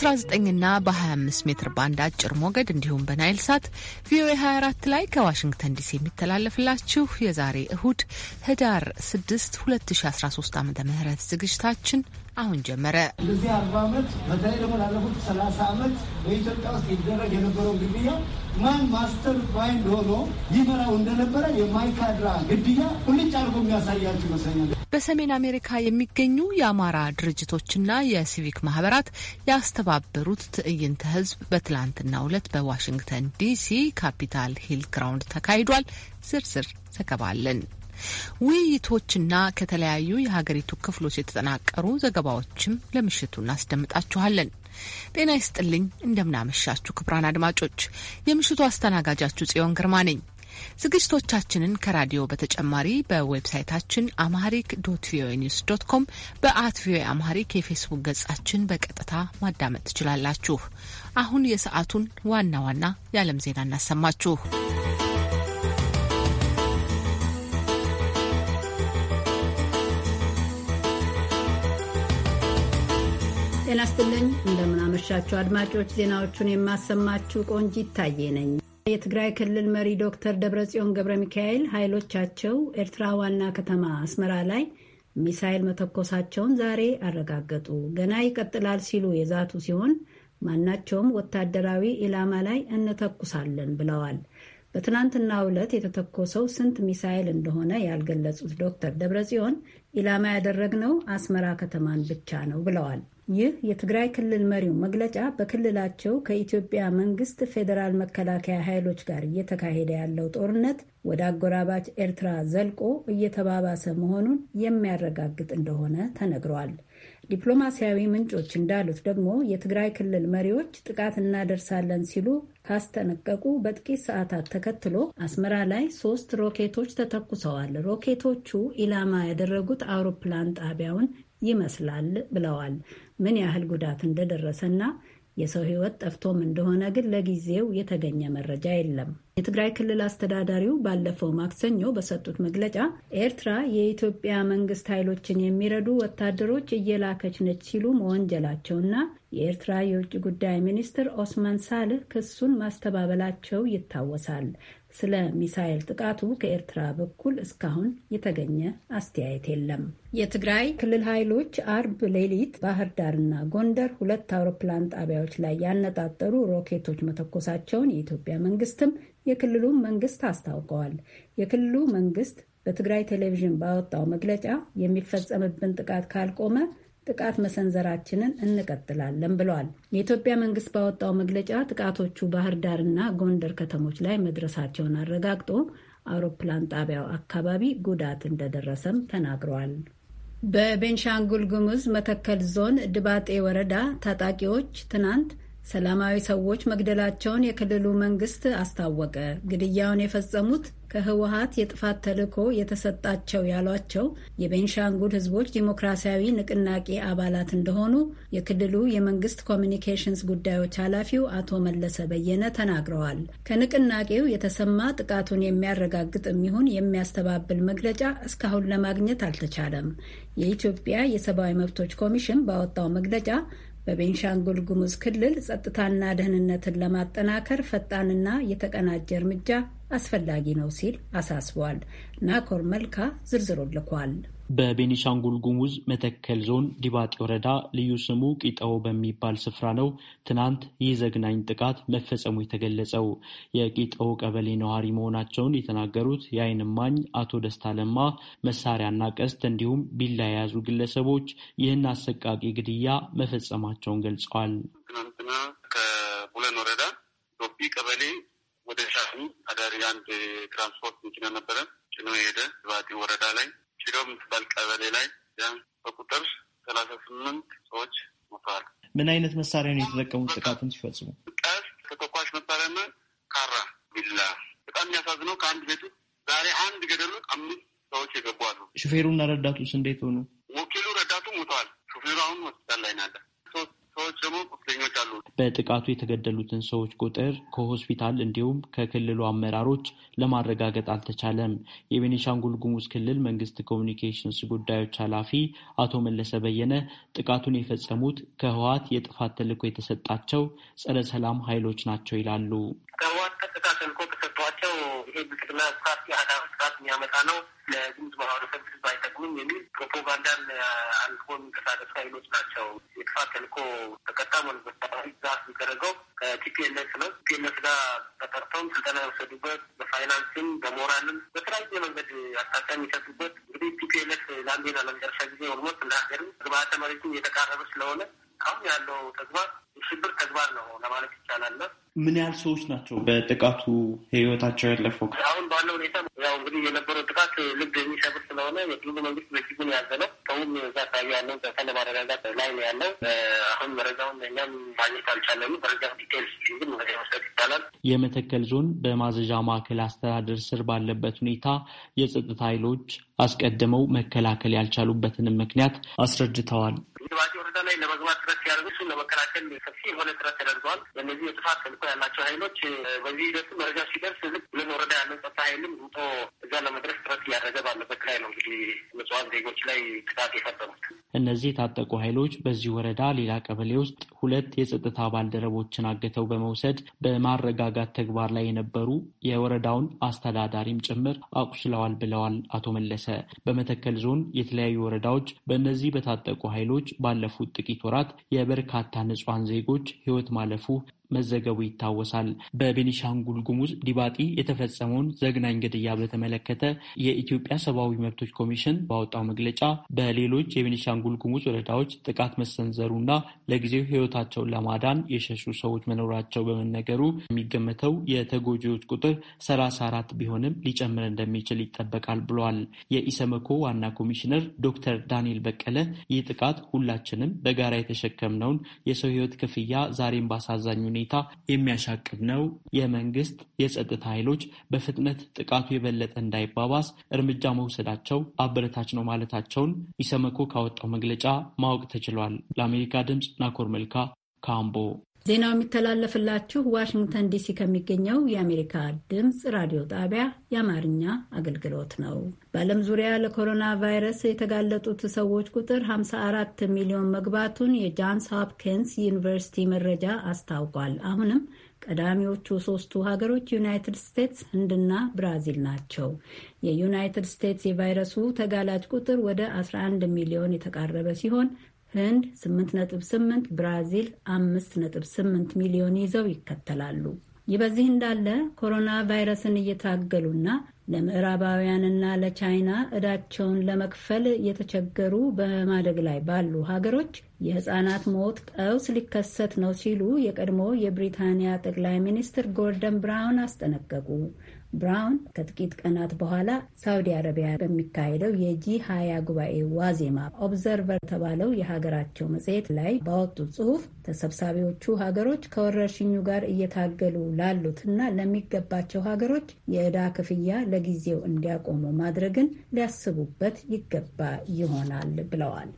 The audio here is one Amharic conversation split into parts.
በ19ና በ25 ሜትር ባንድ አጭር ሞገድ እንዲሁም በናይል ሳት ቪኦኤ 24 ላይ ከዋሽንግተን ዲሲ የሚተላለፍላችሁ የዛሬ እሁድ ህዳር 6 2013 ዓ ም ዝግጅታችን አሁን ጀመረ። እዚህ አርባ ዓመት በተለይ ደግሞ ላለፉት ሰላሳ ዓመት በኢትዮጵያ ውስጥ ይደረግ የነበረው ግድያ ማን ማስተር ማይንድ ሆኖ ይመራው እንደነበረ የማይካድራ ግድያ ሁልጭ አድርጎ የሚያሳያቸው ይመስለኛል። በሰሜን አሜሪካ የሚገኙ የአማራ ድርጅቶችና የሲቪክ ማህበራት ያስተባበሩት ትዕይንተ ህዝብ በትላንትናው ዕለት በዋሽንግተን ዲሲ ካፒታል ሂል ግራውንድ ተካሂዷል። ዝርዝር ዘገባ አለን። ውይይቶችና ከተለያዩ የሀገሪቱ ክፍሎች የተጠናቀሩ ዘገባዎችም ለምሽቱ እናስደምጣችኋለን። ጤና ይስጥልኝ፣ እንደምናመሻችሁ ክቡራን አድማጮች፣ የምሽቱ አስተናጋጃችሁ ጽዮን ግርማ ነኝ። ዝግጅቶቻችንን ከራዲዮ በተጨማሪ በዌብሳይታችን አማሪክ ዶት ቪኦኤ ኒውስ ዶት ኮም በአት ቪኦኤ አማሪክ የፌስቡክ ገጻችን በቀጥታ ማዳመጥ ትችላላችሁ። አሁን የሰዓቱን ዋና ዋና የዓለም ዜና እናሰማችሁ። ጤና ይስጥልኝ። እንደምናመሻችሁ አድማጮች፣ ዜናዎቹን የማሰማችሁ ቆንጂ ይታየ ነኝ። የትግራይ ክልል መሪ ዶክተር ደብረጽዮን ገብረ ሚካኤል ኃይሎቻቸው ኤርትራ ዋና ከተማ አስመራ ላይ ሚሳይል መተኮሳቸውን ዛሬ አረጋገጡ። ገና ይቀጥላል ሲሉ የዛቱ ሲሆን ማናቸውም ወታደራዊ ኢላማ ላይ እንተኩሳለን ብለዋል። በትናንትናው ዕለት የተተኮሰው ስንት ሚሳይል እንደሆነ ያልገለጹት ዶክተር ደብረጽዮን ኢላማ ያደረግነው አስመራ ከተማን ብቻ ነው ብለዋል። ይህ የትግራይ ክልል መሪው መግለጫ በክልላቸው ከኢትዮጵያ መንግስት ፌዴራል መከላከያ ኃይሎች ጋር እየተካሄደ ያለው ጦርነት ወደ አጎራባች ኤርትራ ዘልቆ እየተባባሰ መሆኑን የሚያረጋግጥ እንደሆነ ተነግሯል። ዲፕሎማሲያዊ ምንጮች እንዳሉት ደግሞ የትግራይ ክልል መሪዎች ጥቃት እናደርሳለን ሲሉ ካስጠነቀቁ በጥቂት ሰዓታት ተከትሎ አስመራ ላይ ሶስት ሮኬቶች ተተኩሰዋል። ሮኬቶቹ ኢላማ ያደረጉት አውሮፕላን ጣቢያውን ይመስላል ብለዋል። ምን ያህል ጉዳት እንደደረሰና የሰው ሕይወት ጠፍቶም እንደሆነ ግን ለጊዜው የተገኘ መረጃ የለም። የትግራይ ክልል አስተዳዳሪው ባለፈው ማክሰኞ በሰጡት መግለጫ ኤርትራ የኢትዮጵያ መንግስት ኃይሎችን የሚረዱ ወታደሮች እየላከች ነች ሲሉ መወንጀላቸውና የኤርትራ የውጭ ጉዳይ ሚኒስትር ኦስማን ሳልህ ክሱን ማስተባበላቸው ይታወሳል። ስለ ሚሳኤል ጥቃቱ ከኤርትራ በኩል እስካሁን የተገኘ አስተያየት የለም። የትግራይ ክልል ኃይሎች አርብ ሌሊት ባህር ዳርና ጎንደር ሁለት አውሮፕላን ጣቢያዎች ላይ ያነጣጠሩ ሮኬቶች መተኮሳቸውን የኢትዮጵያ መንግስትም የክልሉ መንግስት አስታውቀዋል። የክልሉ መንግስት በትግራይ ቴሌቪዥን ባወጣው መግለጫ የሚፈጸምብን ጥቃት ካልቆመ ጥቃት መሰንዘራችንን እንቀጥላለን ብለዋል። የኢትዮጵያ መንግስት ባወጣው መግለጫ ጥቃቶቹ ባህር ዳርና ጎንደር ከተሞች ላይ መድረሳቸውን አረጋግጦ አውሮፕላን ጣቢያው አካባቢ ጉዳት እንደደረሰም ተናግረዋል። በቤንሻንጉል ጉሙዝ መተከል ዞን ድባጤ ወረዳ ታጣቂዎች ትናንት ሰላማዊ ሰዎች መግደላቸውን የክልሉ መንግስት አስታወቀ። ግድያውን የፈጸሙት ከህወሀት የጥፋት ተልዕኮ የተሰጣቸው ያሏቸው የቤንሻንጉል ህዝቦች ዲሞክራሲያዊ ንቅናቄ አባላት እንደሆኑ የክልሉ የመንግስት ኮሚኒኬሽንስ ጉዳዮች ኃላፊው አቶ መለሰ በየነ ተናግረዋል። ከንቅናቄው የተሰማ ጥቃቱን የሚያረጋግጥ የሚሆን የሚያስተባብል መግለጫ እስካሁን ለማግኘት አልተቻለም። የኢትዮጵያ የሰብአዊ መብቶች ኮሚሽን ባወጣው መግለጫ በቤንሻንጉል ጉሙዝ ክልል ጸጥታና ደህንነትን ለማጠናከር ፈጣንና የተቀናጀ እርምጃ አስፈላጊ ነው ሲል አሳስቧል። ናኮር መልካ ዝርዝሩን ልኳል። በቤኒሻንጉል ጉሙዝ መተከል ዞን ዲባጢ ወረዳ ልዩ ስሙ ቂጠው በሚባል ስፍራ ነው ትናንት ይህ ዘግናኝ ጥቃት መፈጸሙ የተገለጸው። የቂጠው ቀበሌ ነዋሪ መሆናቸውን የተናገሩት የአይንማኝ እማኝ አቶ ደስታ ለማ መሳሪያና ቀስት እንዲሁም ቢላ የያዙ ግለሰቦች ይህን አሰቃቂ ግድያ መፈጸማቸውን ገልጸዋል። ትናንትና ከቡለን ወረዳ ዶቢ ቀበሌ ወደ ሻሂ አዳሪ አንድ ትራንስፖርት መኪና ነበረ ጭኖ የሄደ ዲባጢ ወረዳ ላይ ኪሎ የምትባል ቀበሌ ላይ ቢያንስ በቁጥር ሰላሳ ስምንት ሰዎች ሞተዋል። ምን አይነት መሳሪያ ነው የተጠቀሙት ጥቃቱን ሲፈጽሙ? ቀስ ተተኳሽ መሳሪያና ካራ ቢላ። በጣም የሚያሳዝነው ከአንድ ቤት ዛሬ አንድ ገደሉ አምስት ሰዎች የገቡ አሉ። ሹፌሩና ረዳቱስ እንዴት ሆኑ? ወኪሉ ረዳቱ ሞተዋል። ሹፌሩ አሁን ሆስፒታል ላይ ናለ። ሶስት ሰዎች ደግሞ ቁስለኞች አሉ። በጥቃቱ የተገደሉትን ሰዎች ቁጥር ከሆስፒታል እንዲሁም ከክልሉ አመራሮች ለማረጋገጥ አልተቻለም። የቤኒሻንጉል ጉሙዝ ክልል መንግስት ኮሚኒኬሽንስ ጉዳዮች ኃላፊ አቶ መለሰ በየነ ጥቃቱን የፈጸሙት ከህወሓት የጥፋት ተልዕኮ የተሰጣቸው ጸረ ሰላም ኃይሎች ናቸው ይላሉ። ከህወሓት ቀጥታ ተልዕኮ ቅድመ ስራት የአዳር ስርዓት የሚያመጣ ነው፣ ለግምት ማህበረሰብ ህዝብ አይጠቅምም የሚል ፕሮፓጋንዳን አንድፎ የሚንቀሳቀሱ ኃይሎች ናቸው። የጥፋት ተልኮ ተቀጣም ወነበታዊ ዛፍ የሚደረገው ከቲፒኤልኤፍ ነው። ቲፒኤልኤፍ ጋር ተጠርተውም ስልጠና የወሰዱበት በፋይናንስም በሞራልም በተለያየ መንገድ አሳቻ የሚሰጡበት እንግዲህ ቲፒኤልኤፍ ለአንዴና ለመጨረሻ ጊዜ ኦልሞት እንደ ሀገርም ግብዓተ መሬቱም እየተቃረበ ስለሆነ አሁን ያለው ተግባር ሽብር ተግባር ነው ለማለት ይቻላል። ምን ያህል ሰዎች ናቸው በጥቃቱ ህይወታቸው ያለፈው? አሁን ባለው ሁኔታ ያው እንግዲህ የነበረው ጥቃት ልብ የሚሰብር ስለሆነ የክልሉ መንግስት በእጅጉ ነው ያዘነው። ሰውም እዛ አካባቢ ያለው ዘፈን ማረጋጋት ላይ ነው ያለው። አሁን መረጃውን እኛም ማግኘት አልቻለም። መረጃ ዲቴልስ ግን መረጃ መስጠት ይቻላል። የመተከል ዞን በማዘዣ ማዕከል አስተዳደር ስር ባለበት ሁኔታ የጸጥታ ኃይሎች አስቀድመው መከላከል ያልቻሉበትንም ምክንያት አስረድተዋል። ድባጤ ወረዳ ላይ ለመግባት ጥረት ሲያደርጉ እሱን ለመከላከል ሰፊ የሆነ ጥረት ተደርገዋል። በእነዚህ የጥፋት ተልዕኮ ያላቸው ኃይሎች በዚህ ሂደቱ መረጃ ሲደርስ ልክ ብለን ወረዳ ያለው ጸጥታ ኃይልም ውጦ እዛ ለመድረስ ጥረት እያደረገ ባለበት ላይ ነው እንግዲህ መጽዋት ዜጎች ላይ ጥቃት የፈጸሙት እነዚህ የታጠቁ ኃይሎች። በዚህ ወረዳ ሌላ ቀበሌ ውስጥ ሁለት የጸጥታ ባልደረቦችን አግተው በመውሰድ በማረጋጋት ተግባር ላይ የነበሩ የወረዳውን አስተዳዳሪም ጭምር አቁስለዋል ብለዋል አቶ መለሰ። በመተከል ዞን የተለያዩ ወረዳዎች በእነዚህ በታጠቁ ኃይሎች ባለፉት ጥቂት ወራት የበርካታ ንጹሐን ዜጎች ህይወት ማለፉ መዘገቡ ይታወሳል። በቤኒሻንጉል ጉሙዝ ዲባጢ የተፈጸመውን ዘግናኝ ግድያ በተመለከተ የኢትዮጵያ ሰብአዊ መብቶች ኮሚሽን ባወጣው መግለጫ በሌሎች የቤኒሻንጉል ጉሙዝ ወረዳዎች ጥቃት መሰንዘሩና ለጊዜው ሕይወታቸውን ለማዳን የሸሹ ሰዎች መኖራቸው በመነገሩ የሚገመተው የተጎጂዎች ቁጥር 34 ቢሆንም ሊጨምር እንደሚችል ይጠበቃል ብሏል። የኢሰመኮ ዋና ኮሚሽነር ዶክተር ዳንኤል በቀለ ይህ ጥቃት ሁላችንም በጋራ የተሸከምነውን የሰው ሕይወት ክፍያ ዛሬም ባሳዛኝ ሁኔታ የሚያሻቅብ ነው። የመንግስት የጸጥታ ኃይሎች በፍጥነት ጥቃቱ የበለጠ እንዳይባባስ እርምጃ መውሰዳቸው አበረታች ነው ማለታቸውን ኢሰመኮ ካወጣው መግለጫ ማወቅ ተችሏል። ለአሜሪካ ድምፅ ናኮር መልካ ካምቦ ዜናው የሚተላለፍላችሁ ዋሽንግተን ዲሲ ከሚገኘው የአሜሪካ ድምፅ ራዲዮ ጣቢያ የአማርኛ አገልግሎት ነው። በዓለም ዙሪያ ለኮሮና ቫይረስ የተጋለጡት ሰዎች ቁጥር 54 ሚሊዮን መግባቱን የጃንስ ሆፕኪንስ ዩኒቨርሲቲ መረጃ አስታውቋል። አሁንም ቀዳሚዎቹ ሶስቱ ሀገሮች ዩናይትድ ስቴትስ፣ ህንድና ብራዚል ናቸው። የዩናይትድ ስቴትስ የቫይረሱ ተጋላጭ ቁጥር ወደ 11 ሚሊዮን የተቃረበ ሲሆን ህንድ 8.8፣ ብራዚል 5.8 ሚሊዮን ይዘው ይከተላሉ። ይህ በዚህ እንዳለ ኮሮና ቫይረስን እየታገሉና ለምዕራባውያንና ለቻይና እዳቸውን ለመክፈል የተቸገሩ በማደግ ላይ ባሉ ሀገሮች የህፃናት ሞት ቀውስ ሊከሰት ነው ሲሉ የቀድሞ የብሪታንያ ጠቅላይ ሚኒስትር ጎርደን ብራውን አስጠነቀቁ። ብራውን ከጥቂት ቀናት በኋላ ሳውዲ አረቢያ በሚካሄደው የጂ ሀያ ጉባኤ ዋዜማ ኦብዘርቨር የተባለው የሀገራቸው መጽሔት ላይ ባወጡት ጽሑፍ ተሰብሳቢዎቹ ሀገሮች ከወረርሽኙ ጋር እየታገሉ ላሉትና ለሚገባቸው ሀገሮች የዕዳ ክፍያ ለጊዜው እንዲያቆሙ ማድረግን ሊያስቡበት ይገባ ይሆናል ብለዋል።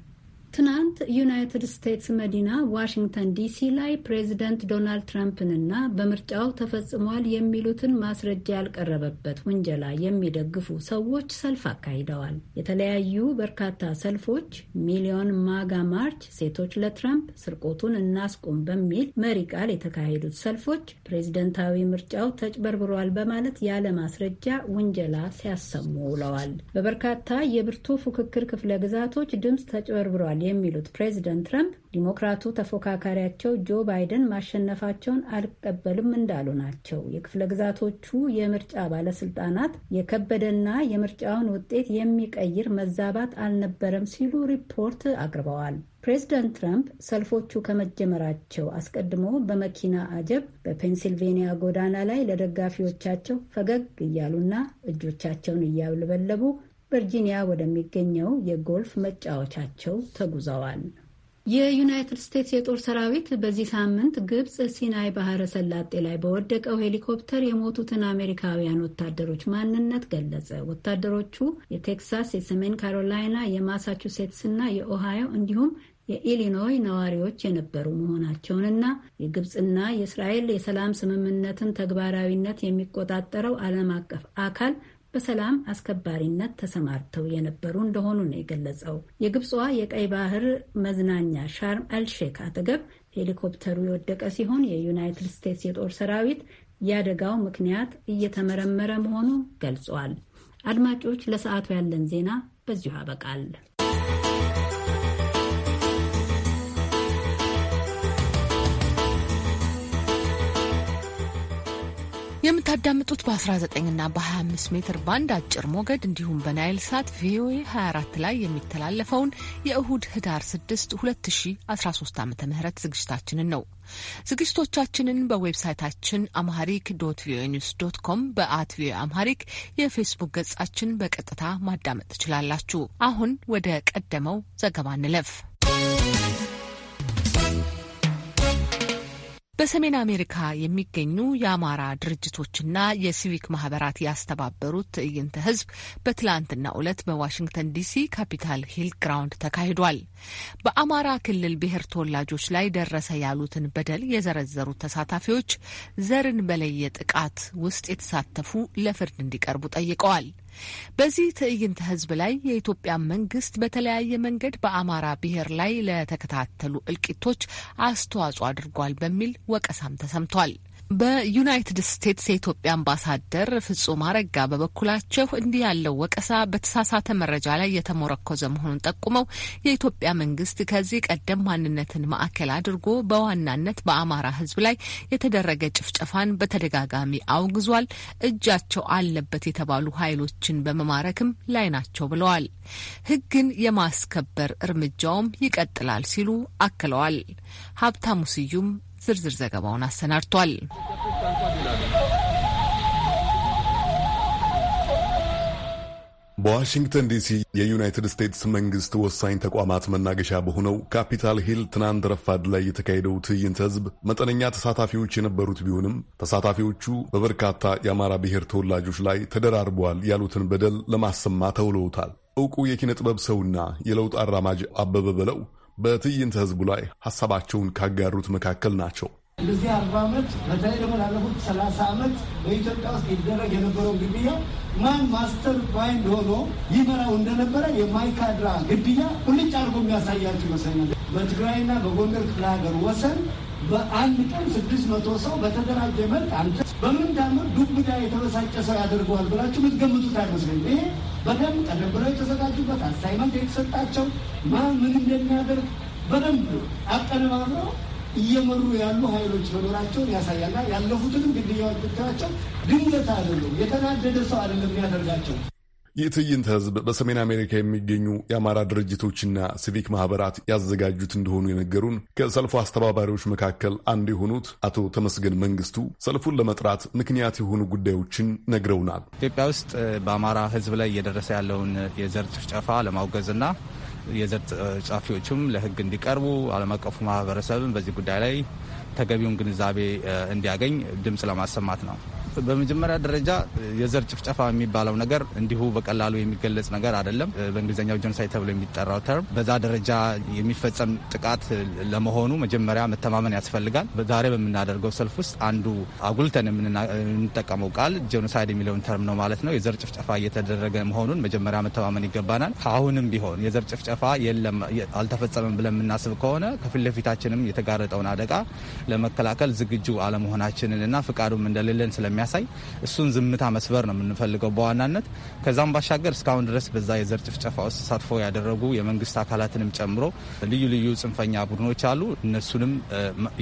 ትናንት ዩናይትድ ስቴትስ መዲና ዋሽንግተን ዲሲ ላይ ፕሬዚደንት ዶናልድ ትራምፕንና በምርጫው ተፈጽሟል የሚሉትን ማስረጃ ያልቀረበበት ውንጀላ የሚደግፉ ሰዎች ሰልፍ አካሂደዋል። የተለያዩ በርካታ ሰልፎች ሚሊዮን ማጋ ማርች፣ ሴቶች ለትራምፕ፣ ስርቆቱን እናስቁም በሚል መሪ ቃል የተካሄዱት ሰልፎች ፕሬዚደንታዊ ምርጫው ተጭበርብሯል በማለት ያለ ማስረጃ ውንጀላ ሲያሰሙ ውለዋል። በበርካታ የብርቱ ፉክክር ክፍለ ግዛቶች ድምፅ ተጭበርብሯል የሚሉት ፕሬዚደንት ትራምፕ ዲሞክራቱ ተፎካካሪያቸው ጆ ባይደን ማሸነፋቸውን አልቀበልም እንዳሉ ናቸው። የክፍለ ግዛቶቹ የምርጫ ባለስልጣናት የከበደና የምርጫውን ውጤት የሚቀይር መዛባት አልነበረም ሲሉ ሪፖርት አቅርበዋል። ፕሬዚደንት ትራምፕ ሰልፎቹ ከመጀመራቸው አስቀድሞ በመኪና አጀብ በፔንሲልቬኒያ ጎዳና ላይ ለደጋፊዎቻቸው ፈገግ እያሉና እጆቻቸውን እያውለበለቡ ቨርጂኒያ ወደሚገኘው የጎልፍ መጫወቻቸው ተጉዘዋል። የዩናይትድ ስቴትስ የጦር ሰራዊት በዚህ ሳምንት ግብፅ ሲናይ ባህረ ሰላጤ ላይ በወደቀው ሄሊኮፕተር የሞቱትን አሜሪካውያን ወታደሮች ማንነት ገለጸ። ወታደሮቹ የቴክሳስ፣ የሰሜን ካሮላይና፣ የማሳቹሴትስ እና የኦሃዮ እንዲሁም የኢሊኖይ ነዋሪዎች የነበሩ መሆናቸውንና የግብፅና የእስራኤል የሰላም ስምምነትን ተግባራዊነት የሚቆጣጠረው ዓለም አቀፍ አካል በሰላም አስከባሪነት ተሰማርተው የነበሩ እንደሆኑ ነው የገለጸው። የግብፅዋ የቀይ ባህር መዝናኛ ሻርም አልሼክ አጠገብ ሄሊኮፕተሩ የወደቀ ሲሆን የዩናይትድ ስቴትስ የጦር ሰራዊት የአደጋው ምክንያት እየተመረመረ መሆኑ ገልጿል። አድማጮች፣ ለሰዓቱ ያለን ዜና በዚሁ አበቃል። የምታዳምጡት በ19 ና በ25 ሜትር ባንድ አጭር ሞገድ እንዲሁም በናይል ሳት ቪኦኤ 24 ላይ የሚተላለፈውን የእሁድ ህዳር 6 2013 ዓ ም ዝግጅታችንን ነው። ዝግጅቶቻችንን በዌብሳይታችን አምሃሪክ ዶት ቪኦኤ ኒውስ ዶት ኮም፣ በአት ቪኦኤ አምሃሪክ የፌስቡክ ገጻችን በቀጥታ ማዳመጥ ትችላላችሁ። አሁን ወደ ቀደመው ዘገባ እንለፍ። በሰሜን አሜሪካ የሚገኙ የአማራ ድርጅቶችና የሲቪክ ማህበራት ያስተባበሩት ትዕይንተ ህዝብ በትላንትናው ዕለት በዋሽንግተን ዲሲ ካፒታል ሂል ግራውንድ ተካሂዷል። በአማራ ክልል ብሔር ተወላጆች ላይ ደረሰ ያሉትን በደል የዘረዘሩት ተሳታፊዎች ዘርን በለየ ጥቃት ውስጥ የተሳተፉ ለፍርድ እንዲቀርቡ ጠይቀዋል። በዚህ ትዕይንተ ህዝብ ላይ የኢትዮጵያ መንግስት በተለያየ መንገድ በአማራ ብሔር ላይ ለተከታተሉ እልቂቶች አስተዋጽኦ አድርጓል በሚል ወቀሳም ተሰምቷል። በዩናይትድ ስቴትስ የኢትዮጵያ አምባሳደር ፍጹም አረጋ በበኩላቸው እንዲህ ያለው ወቀሳ በተሳሳተ መረጃ ላይ የተሞረኮዘ መሆኑን ጠቁመው የኢትዮጵያ መንግስት ከዚህ ቀደም ማንነትን ማዕከል አድርጎ በዋናነት በአማራ ሕዝብ ላይ የተደረገ ጭፍጨፋን በተደጋጋሚ አውግዟል። እጃቸው አለበት የተባሉ ኃይሎችን በመማረክም ላይ ናቸው ብለዋል። ሕግን የማስከበር እርምጃውም ይቀጥላል ሲሉ አክለዋል። ሀብታሙ ስዩም ዝርዝር ዘገባውን አሰናድቷል። በዋሽንግተን ዲሲ የዩናይትድ ስቴትስ መንግስት ወሳኝ ተቋማት መናገሻ በሆነው ካፒታል ሂል ትናንት ረፋድ ላይ የተካሄደው ትዕይንተ ህዝብ መጠነኛ ተሳታፊዎች የነበሩት ቢሆንም ተሳታፊዎቹ በበርካታ የአማራ ብሔር ተወላጆች ላይ ተደራርበዋል ያሉትን በደል ለማሰማ ተውለውታል። እውቁ የኪነ ጥበብ ሰውና የለውጥ አራማጅ አበበ በለው በትዕይንተ ህዝቡ ላይ ሐሳባቸውን ካጋሩት መካከል ናቸው። እንደዚህ አርባ ዓመት በተለይ ደግሞ ላለፉት ሰላሳ ዓመት በኢትዮጵያ ውስጥ ይደረግ የነበረውን ግድያ ማን ማስተር ማይንድ ሆኖ ይመራው እንደነበረ የማይካድራ ግድያ ሁልጭ አድርጎ የሚያሳያቸው ይመስለኛል። በትግራይና በጎንደር ክፍለ ሀገር ወሰን በአንድ ቀን ስድስት መቶ ሰው በተደራጀ መልክ አንተ በምን ዳመር ዱብዳ የተበሳጨ ሰው ያደርገዋል ብላችሁ የምትገምቱት አይመስለኝም። ይሄ በደንብ ቀደም ብለው የተዘጋጁበት አሳይመንት የተሰጣቸው ማን ምን እንደሚያደርግ በደንብ አቀነባብረው እየመሩ ያሉ ኃይሎች መኖራቸውን ያሳያልና ያለፉትንም ግድያዎች ብታያቸው ድንገት አይደሉም። የተናደደ ሰው አይደለም ያደርጋቸው። ይህ ትዕይንተ ህዝብ በሰሜን አሜሪካ የሚገኙ የአማራ ድርጅቶችና ሲቪክ ማህበራት ያዘጋጁት እንደሆኑ የነገሩን ከሰልፉ አስተባባሪዎች መካከል አንዱ የሆኑት አቶ ተመስገን መንግስቱ ሰልፉን ለመጥራት ምክንያት የሆኑ ጉዳዮችን ነግረውናል። ኢትዮጵያ ውስጥ በአማራ ህዝብ ላይ እየደረሰ ያለውን የዘር ጭፍጨፋ ለማውገዝና የዘር ጸሐፊዎችም ለህግ እንዲቀርቡ ዓለም አቀፉ ማህበረሰብም በዚህ ጉዳይ ላይ ተገቢውን ግንዛቤ እንዲያገኝ ድምፅ ለማሰማት ነው። በመጀመሪያ ደረጃ የዘር ጭፍጨፋ የሚባለው ነገር እንዲሁ በቀላሉ የሚገለጽ ነገር አይደለም። በእንግሊዝኛው ጀኖሳይድ ተብሎ የሚጠራው ተርም በዛ ደረጃ የሚፈጸም ጥቃት ለመሆኑ መጀመሪያ መተማመን ያስፈልጋል። ዛሬ በምናደርገው ሰልፍ ውስጥ አንዱ አጉልተን የምንጠቀመው ቃል ጀኖሳይድ የሚለውን ተርም ነው ማለት ነው። የዘር ጭፍጨፋ እየተደረገ መሆኑን መጀመሪያ መተማመን ይገባናል። አሁንም ቢሆን የዘር ጭፍጨፋ የለም አልተፈጸመም ብለን የምናስብ ከሆነ ከፊት ለፊታችንም የተጋረጠውን አደጋ ለመከላከል ዝግጁ አለመሆናችንን እና ፍቃዱም እንደሌለን ስለሚያ ስለሚያሳይ እሱን ዝምታ መስበር ነው የምንፈልገው በዋናነት። ከዛም ባሻገር እስካሁን ድረስ በዛ የዘር ጭፍጨፋ ውስጥ ተሳትፎ ያደረጉ የመንግስት አካላትንም ጨምሮ ልዩ ልዩ ጽንፈኛ ቡድኖች አሉ። እነሱንም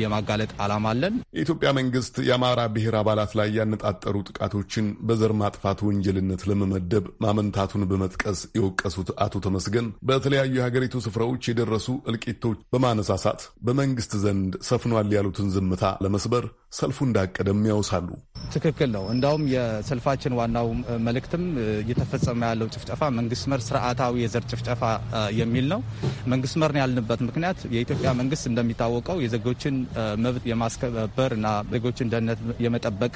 የማጋለጥ አላማ አለን። የኢትዮጵያ መንግስት የአማራ ብሔር አባላት ላይ ያነጣጠሩ ጥቃቶችን በዘር ማጥፋት ወንጀልነት ለመመደብ ማመንታቱን በመጥቀስ የወቀሱት አቶ ተመስገን በተለያዩ የሀገሪቱ ስፍራዎች የደረሱ እልቂቶች በማነሳሳት በመንግስት ዘንድ ሰፍኗል ያሉትን ዝምታ ለመስበር ሰልፉ እንዳቀደም ያውሳሉ። ትክክል ነው። እንዳውም የሰልፋችን ዋናው መልእክትም እየተፈጸመ ያለው ጭፍጨፋ መንግስት መር ስርዓታዊ የዘር ጭፍጨፋ የሚል ነው። መንግስት መርን ያልንበት ምክንያት የኢትዮጵያ መንግስት እንደሚታወቀው የዜጎችን መብት የማስከበር እና ዜጎችን ደህንነት የመጠበቅ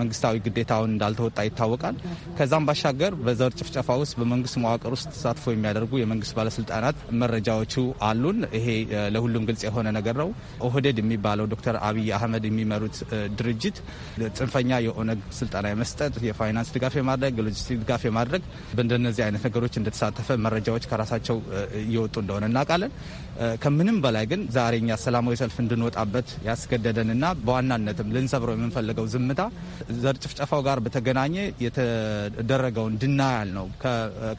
መንግስታዊ ግዴታውን እንዳልተወጣ ይታወቃል። ከዛም ባሻገር በዘር ጭፍጨፋ ውስጥ በመንግስት መዋቅር ውስጥ ተሳትፎ የሚያደርጉ የመንግስት ባለስልጣናት መረጃዎቹ አሉን። ይሄ ለሁሉም ግልጽ የሆነ ነገር ነው። ኦህዴድ የሚባለው ዶክተር አብይ አህመድ የሚመሩት ድርጅት ጽንፈኛ ከፍተኛ የኦነግ ስልጠና የመስጠት፣ የፋይናንስ ድጋፍ የማድረግ፣ የሎጂስቲክ ድጋፍ የማድረግ በእንደነዚህ አይነት ነገሮች እንደተሳተፈ መረጃዎች ከራሳቸው እየወጡ እንደሆነ እናውቃለን። ከምንም በላይ ግን ዛሬ እኛ ሰላማዊ ሰልፍ እንድንወጣበት ያስገደደንና በዋናነትም ልንሰብረው የምንፈልገው ዝምታ ዘር ጭፍጨፋው ጋር በተገናኘ የተደረገውን ድናያል ነው።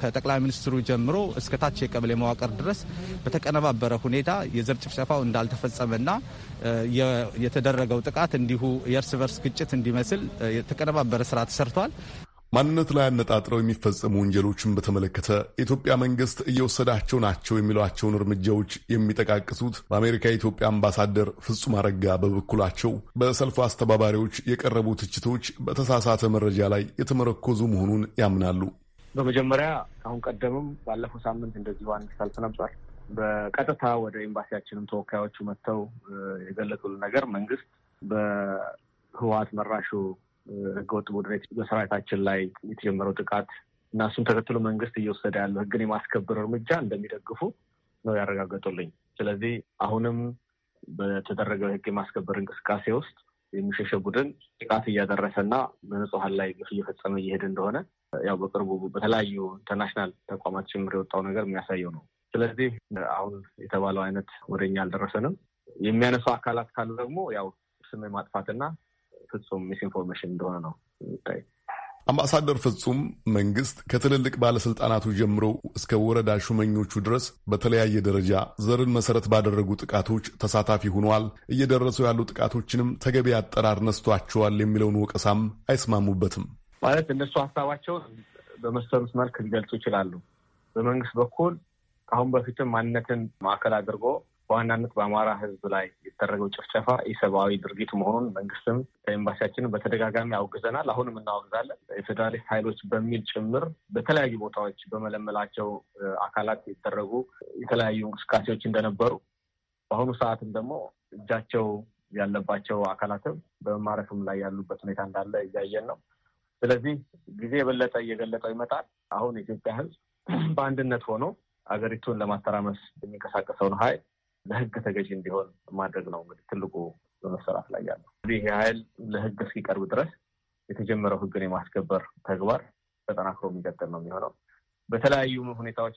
ከጠቅላይ ሚኒስትሩ ጀምሮ እስከ ታች የቀበሌ መዋቅር ድረስ በተቀነባበረ ሁኔታ የዘር ጭፍጨፋው እንዳልተፈጸመና የተደረገው ጥቃት እንዲሁ የእርስ በርስ ግጭት እንዲመስል በሚል የተቀነባበረ ስራ ተሰርቷል። ማንነት ላይ አነጣጥረው የሚፈጸሙ ወንጀሎችን በተመለከተ የኢትዮጵያ መንግስት እየወሰዳቸው ናቸው የሚሏቸውን እርምጃዎች የሚጠቃቅሱት በአሜሪካ የኢትዮጵያ አምባሳደር ፍጹም አረጋ በበኩላቸው በሰልፉ አስተባባሪዎች የቀረቡ ትችቶች በተሳሳተ መረጃ ላይ የተመረኮዙ መሆኑን ያምናሉ። በመጀመሪያ አሁን ቀደምም ባለፈው ሳምንት እንደዚሁ አንድ ሰልፍ ነበር። በቀጥታ ወደ ኤምባሲያችንም ተወካዮቹ መጥተው የገለጹልን ነገር መንግስት ህወሓት መራሹ ህገወጥ ቡድን በሰራዊታችን ላይ የተጀመረው ጥቃት እና እሱን ተከትሎ መንግስት እየወሰደ ያለው ህግን የማስከበር እርምጃ እንደሚደግፉ ነው ያረጋገጡልኝ። ስለዚህ አሁንም በተደረገው ህግ የማስከበር እንቅስቃሴ ውስጥ የሚሸሸ ቡድን ጥቃት እያደረሰና በንጹሀን ላይ ግፍ እየፈጸመ እየሄደ እንደሆነ ያው በቅርቡ በተለያዩ ኢንተርናሽናል ተቋማት ጭምር የወጣው ነገር የሚያሳየው ነው። ስለዚህ አሁን የተባለው አይነት ወደኛ አልደረሰንም። የሚያነሱ አካላት ካሉ ደግሞ ያው ስም ማጥፋትና ፍጹም ሚስኢንፎርሜሽን እንደሆነ ነው የሚታይ። አምባሳደር ፍጹም መንግስት ከትልልቅ ባለስልጣናቱ ጀምሮ እስከ ወረዳ ሹመኞቹ ድረስ በተለያየ ደረጃ ዘርን መሰረት ባደረጉ ጥቃቶች ተሳታፊ ሆኗል፣ እየደረሱ ያሉ ጥቃቶችንም ተገቢ አጠራር ነስቷቸዋል የሚለውን ወቀሳም አይስማሙበትም። ማለት እነሱ ሀሳባቸውን በመሰሉት መልክ ሊገልጹ ይችላሉ። በመንግስት በኩል ከአሁን በፊትም ማንነትን ማዕከል አድርጎ በዋናነት በአማራ ህዝብ ላይ የተደረገው ጭፍጨፋ የሰብአዊ ድርጊት መሆኑን መንግስትም ኤምባሲያችንን በተደጋጋሚ አውግዘናል። አሁንም እናወግዛለን። የፌዴራሊስት ኃይሎች በሚል ጭምር በተለያዩ ቦታዎች በመለመላቸው አካላት የተደረጉ የተለያዩ እንቅስቃሴዎች እንደነበሩ በአሁኑ ሰዓትም ደግሞ እጃቸው ያለባቸው አካላትም በመማረክም ላይ ያሉበት ሁኔታ እንዳለ እያየን ነው። ስለዚህ ጊዜ የበለጠ እየገለጠው ይመጣል። አሁን የኢትዮጵያ ህዝብ በአንድነት ሆኖ አገሪቱን ለማተራመስ የሚንቀሳቀሰውን ኃይል ለህግ ተገዥ እንዲሆን ማድረግ ነው እንግዲህ ትልቁ በመሰራት ላይ ያለው። እንግዲህ ይህ ኃይል ለህግ እስኪቀርብ ድረስ የተጀመረው ህግን የማስከበር ተግባር ተጠናክሮ የሚቀጥል ነው የሚሆነው። በተለያዩ ሁኔታዎች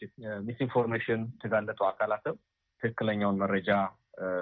ሚስኢንፎርሜሽን የተጋለጡ አካላትም ትክክለኛውን መረጃ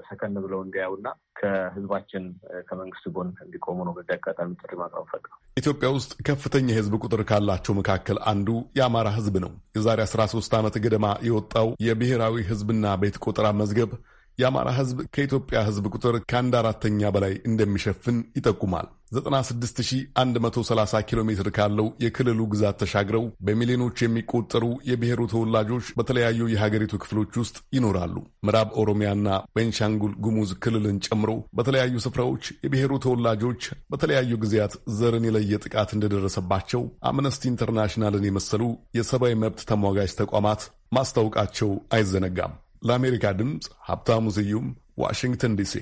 ሰከን ብለው እንዲያዩና ከህዝባችን ከመንግስት ጎን እንዲቆሙ ነው በዚህ አጋጣሚ ጥሪ ማቅረብ ፈቅ ኢትዮጵያ ውስጥ ከፍተኛ የህዝብ ቁጥር ካላቸው መካከል አንዱ የአማራ ህዝብ ነው። የዛሬ 13 ዓመት ገደማ የወጣው የብሔራዊ ህዝብና ቤት ቆጠራ መዝገብ የአማራ ሕዝብ ከኢትዮጵያ ህዝብ ቁጥር ከአንድ አራተኛ በላይ እንደሚሸፍን ይጠቁማል። 96130 ኪሎ ሜትር ካለው የክልሉ ግዛት ተሻግረው በሚሊዮኖች የሚቆጠሩ የብሔሩ ተወላጆች በተለያዩ የሀገሪቱ ክፍሎች ውስጥ ይኖራሉ። ምዕራብ ኦሮሚያና ቤንሻንጉል ጉሙዝ ክልልን ጨምሮ በተለያዩ ስፍራዎች የብሔሩ ተወላጆች በተለያዩ ጊዜያት ዘርን የለየ ጥቃት እንደደረሰባቸው አምነስቲ ኢንተርናሽናልን የመሰሉ የሰብአዊ መብት ተሟጋጅ ተቋማት ማስታወቃቸው አይዘነጋም። ለአሜሪካ ድምፅ ሀብታሙ ስዩም ዋሽንግተን ዲሲ።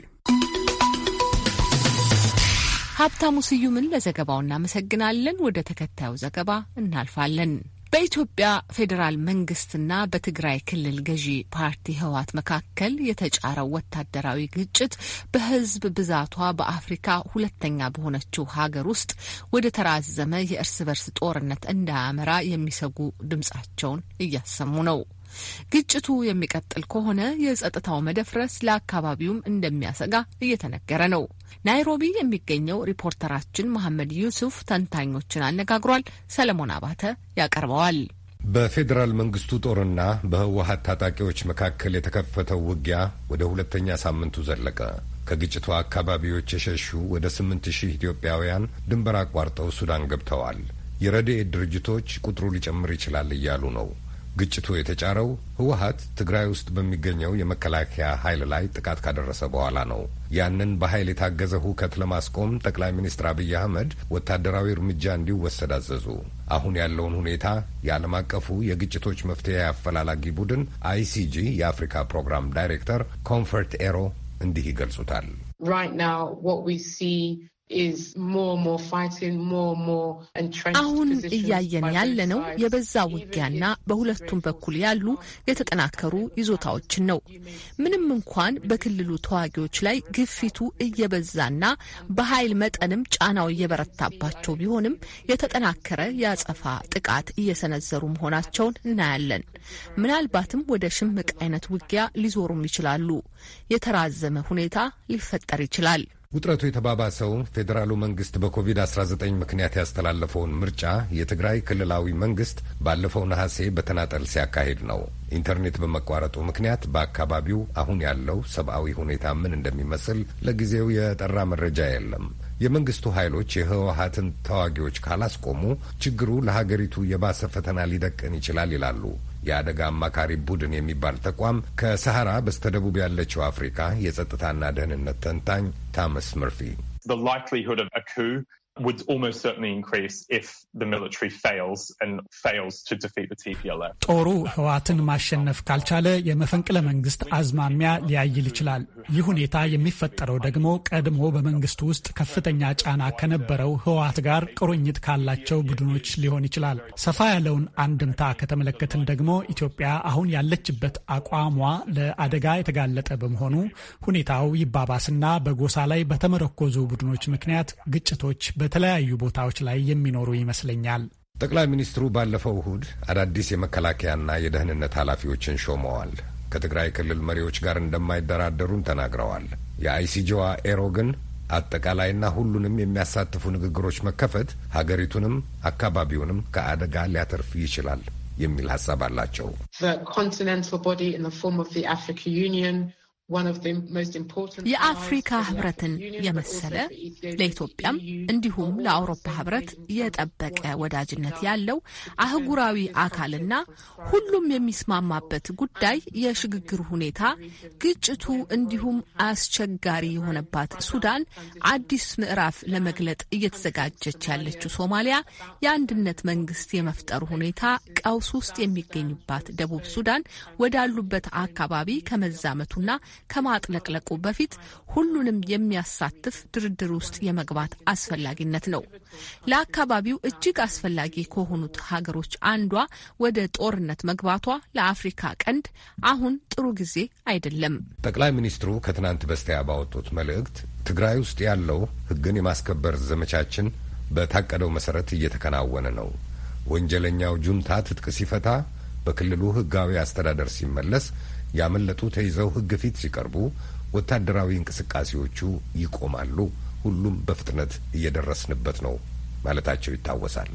ሀብታሙ ስዩምን ለዘገባው እናመሰግናለን። ወደ ተከታዩ ዘገባ እናልፋለን። በኢትዮጵያ ፌዴራል መንግስትና በትግራይ ክልል ገዢ ፓርቲ ህወሓት መካከል የተጫረው ወታደራዊ ግጭት በህዝብ ብዛቷ በአፍሪካ ሁለተኛ በሆነችው ሀገር ውስጥ ወደ ተራዘመ የእርስ በርስ ጦርነት እንዳያመራ የሚሰጉ ድምጻቸውን እያሰሙ ነው። ግጭቱ የሚቀጥል ከሆነ የጸጥታው መደፍረስ ለአካባቢውም እንደሚያሰጋ እየተነገረ ነው። ናይሮቢ የሚገኘው ሪፖርተራችን መሐመድ ዩሱፍ ተንታኞችን አነጋግሯል። ሰለሞን አባተ ያቀርበዋል። በፌዴራል መንግስቱ ጦርና በህወሀት ታጣቂዎች መካከል የተከፈተው ውጊያ ወደ ሁለተኛ ሳምንቱ ዘለቀ። ከግጭቱ አካባቢዎች የሸሹ ወደ ስምንት ሺህ ኢትዮጵያውያን ድንበር አቋርጠው ሱዳን ገብተዋል። የረድኤት ድርጅቶች ቁጥሩ ሊጨምር ይችላል እያሉ ነው። ግጭቱ የተጫረው ህወሀት ትግራይ ውስጥ በሚገኘው የመከላከያ ኃይል ላይ ጥቃት ካደረሰ በኋላ ነው። ያንን በኃይል የታገዘ ሁከት ለማስቆም ጠቅላይ ሚኒስትር አብይ አህመድ ወታደራዊ እርምጃ እንዲወሰድ አዘዙ። አሁን ያለውን ሁኔታ የዓለም አቀፉ የግጭቶች መፍትሄ አፈላላጊ ቡድን አይሲጂ የአፍሪካ ፕሮግራም ዳይሬክተር ኮንፈርት ኤሮ እንዲህ ይገልጹታል። አሁን እያየን ያለነው የበዛ ውጊያና በሁለቱም በኩል ያሉ የተጠናከሩ ይዞታዎችን ነው። ምንም እንኳን በክልሉ ተዋጊዎች ላይ ግፊቱ እየበዛና በኃይል መጠንም ጫናው እየበረታባቸው ቢሆንም የተጠናከረ የአጸፋ ጥቃት እየሰነዘሩ መሆናቸውን እናያለን። ምናልባትም ወደ ሽምቅ አይነት ውጊያ ሊዞሩም ይችላሉ። የተራዘመ ሁኔታ ሊፈጠር ይችላል። ውጥረቱ የተባባሰው ፌዴራሉ መንግስት በኮቪድ-19 ምክንያት ያስተላለፈውን ምርጫ የትግራይ ክልላዊ መንግስት ባለፈው ነሐሴ በተናጠል ሲያካሂድ ነው። ኢንተርኔት በመቋረጡ ምክንያት በአካባቢው አሁን ያለው ሰብአዊ ሁኔታ ምን እንደሚመስል ለጊዜው የጠራ መረጃ የለም። የመንግስቱ ኃይሎች የህወሀትን ተዋጊዎች ካላስቆሙ ችግሩ ለሀገሪቱ የባሰ ፈተና ሊደቅን ይችላል ይላሉ። የአደጋ አማካሪ ቡድን የሚባል ተቋም ከሰሐራ በስተደቡብ ያለችው አፍሪካ የጸጥታና ደህንነት ተንታኝ ታመስ መርፊ ጦሩ ህወሓትን ማሸነፍ ካልቻለ የመፈንቅለ መንግስት አዝማሚያ ሊያይል ይችላል። ይህ ሁኔታ የሚፈጠረው ደግሞ ቀድሞ በመንግስት ውስጥ ከፍተኛ ጫና ከነበረው ህወሓት ጋር ቁርኝት ካላቸው ቡድኖች ሊሆን ይችላል። ሰፋ ያለውን አንድምታ ከተመለከትን ደግሞ ኢትዮጵያ አሁን ያለችበት አቋሟ ለአደጋ የተጋለጠ በመሆኑ ሁኔታው ይባባስና በጎሳ ላይ በተመረኮዙ ቡድኖች ምክንያት ግጭቶች በ በተለያዩ ቦታዎች ላይ የሚኖሩ ይመስለኛል። ጠቅላይ ሚኒስትሩ ባለፈው እሁድ አዳዲስ የመከላከያና የደህንነት ኃላፊዎችን ሾመዋል። ከትግራይ ክልል መሪዎች ጋር እንደማይደራደሩም ተናግረዋል። የአይሲጂዋ ኤሮ ግን አጠቃላይና ሁሉንም የሚያሳትፉ ንግግሮች መከፈት ሀገሪቱንም አካባቢውንም ከአደጋ ሊያተርፍ ይችላል የሚል ሀሳብ አላቸው። የአፍሪካ ህብረትን የመሰለ ለኢትዮጵያም እንዲሁም ለአውሮፓ ህብረት የጠበቀ ወዳጅነት ያለው አህጉራዊ አካልና ሁሉም የሚስማማበት ጉዳይ የሽግግር ሁኔታ ግጭቱ እንዲሁም አስቸጋሪ የሆነባት ሱዳን፣ አዲስ ምዕራፍ ለመግለጥ እየተዘጋጀች ያለችው ሶማሊያ፣ የአንድነት መንግስት የመፍጠሩ ሁኔታ ቀውስ ውስጥ የሚገኙባት ደቡብ ሱዳን ወዳሉበት አካባቢ ከመዛመቱና ከማጥለቅለቁ በፊት ሁሉንም የሚያሳትፍ ድርድር ውስጥ የመግባት አስፈላጊነት ነው። ለአካባቢው እጅግ አስፈላጊ ከሆኑት ሀገሮች አንዷ ወደ ጦርነት መግባቷ ለአፍሪካ ቀንድ አሁን ጥሩ ጊዜ አይደለም። ጠቅላይ ሚኒስትሩ ከትናንት በስቲያ ባወጡት መልእክት ትግራይ ውስጥ ያለው ሕግን የማስከበር ዘመቻችን በታቀደው መሰረት እየተከናወነ ነው። ወንጀለኛው ጁንታ ትጥቅ ሲፈታ፣ በክልሉ ሕጋዊ አስተዳደር ሲመለስ ያመለጡ ተይዘው ሕግ ፊት ሲቀርቡ ወታደራዊ እንቅስቃሴዎቹ ይቆማሉ። ሁሉም በፍጥነት እየደረስንበት ነው ማለታቸው ይታወሳል።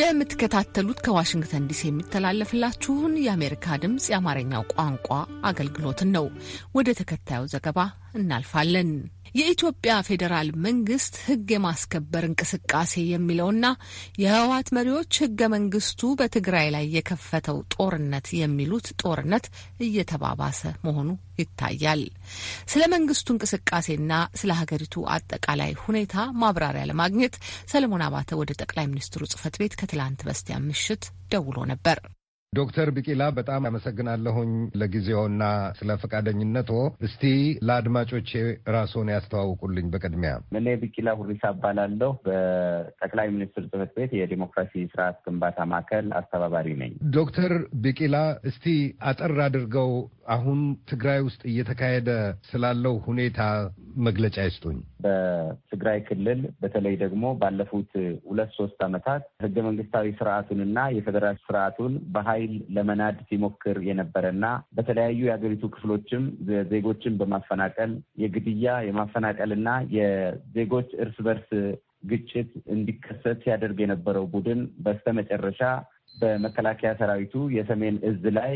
የምትከታተሉት ከዋሽንግተን ዲሲ የሚተላለፍላችሁን የአሜሪካ ድምፅ የአማርኛው ቋንቋ አገልግሎትን ነው። ወደ ተከታዩ ዘገባ እናልፋለን። የኢትዮጵያ ፌዴራል መንግስት ህግ የማስከበር እንቅስቃሴ የሚለውና የህወሀት መሪዎች ህገ መንግስቱ በትግራይ ላይ የከፈተው ጦርነት የሚሉት ጦርነት እየተባባሰ መሆኑ ይታያል። ስለ መንግስቱ እንቅስቃሴና ስለ ሀገሪቱ አጠቃላይ ሁኔታ ማብራሪያ ለማግኘት ሰለሞን አባተ ወደ ጠቅላይ ሚኒስትሩ ጽህፈት ቤት ከትላንት በስቲያ ምሽት ደውሎ ነበር። ዶክተር ቢቂላ በጣም አመሰግናለሁኝ ለጊዜውና ስለ ፈቃደኝነቶ። እስቲ ለአድማጮች ራስዎን ያስተዋውቁልኝ በቅድሚያ። እኔ ቢቂላ ሁሪሳ እባላለሁ። በጠቅላይ ሚኒስትር ጽህፈት ቤት የዲሞክራሲ ስርዓት ግንባታ ማዕከል አስተባባሪ ነኝ። ዶክተር ቢቂላ እስቲ አጠር አድርገው አሁን ትግራይ ውስጥ እየተካሄደ ስላለው ሁኔታ መግለጫ ይስጡኝ። በትግራይ ክልል በተለይ ደግሞ ባለፉት ሁለት ሶስት ዓመታት ህገ መንግስታዊ ስርዓቱንና የፌዴራል ስርዓቱን በኃይል ለመናድ ሲሞክር የነበረና በተለያዩ የሀገሪቱ ክፍሎችም ዜጎችን በማፈናቀል የግድያ የማፈናቀልና የዜጎች እርስ በርስ ግጭት እንዲከሰት ሲያደርግ የነበረው ቡድን በስተመጨረሻ በመከላከያ ሰራዊቱ የሰሜን እዝ ላይ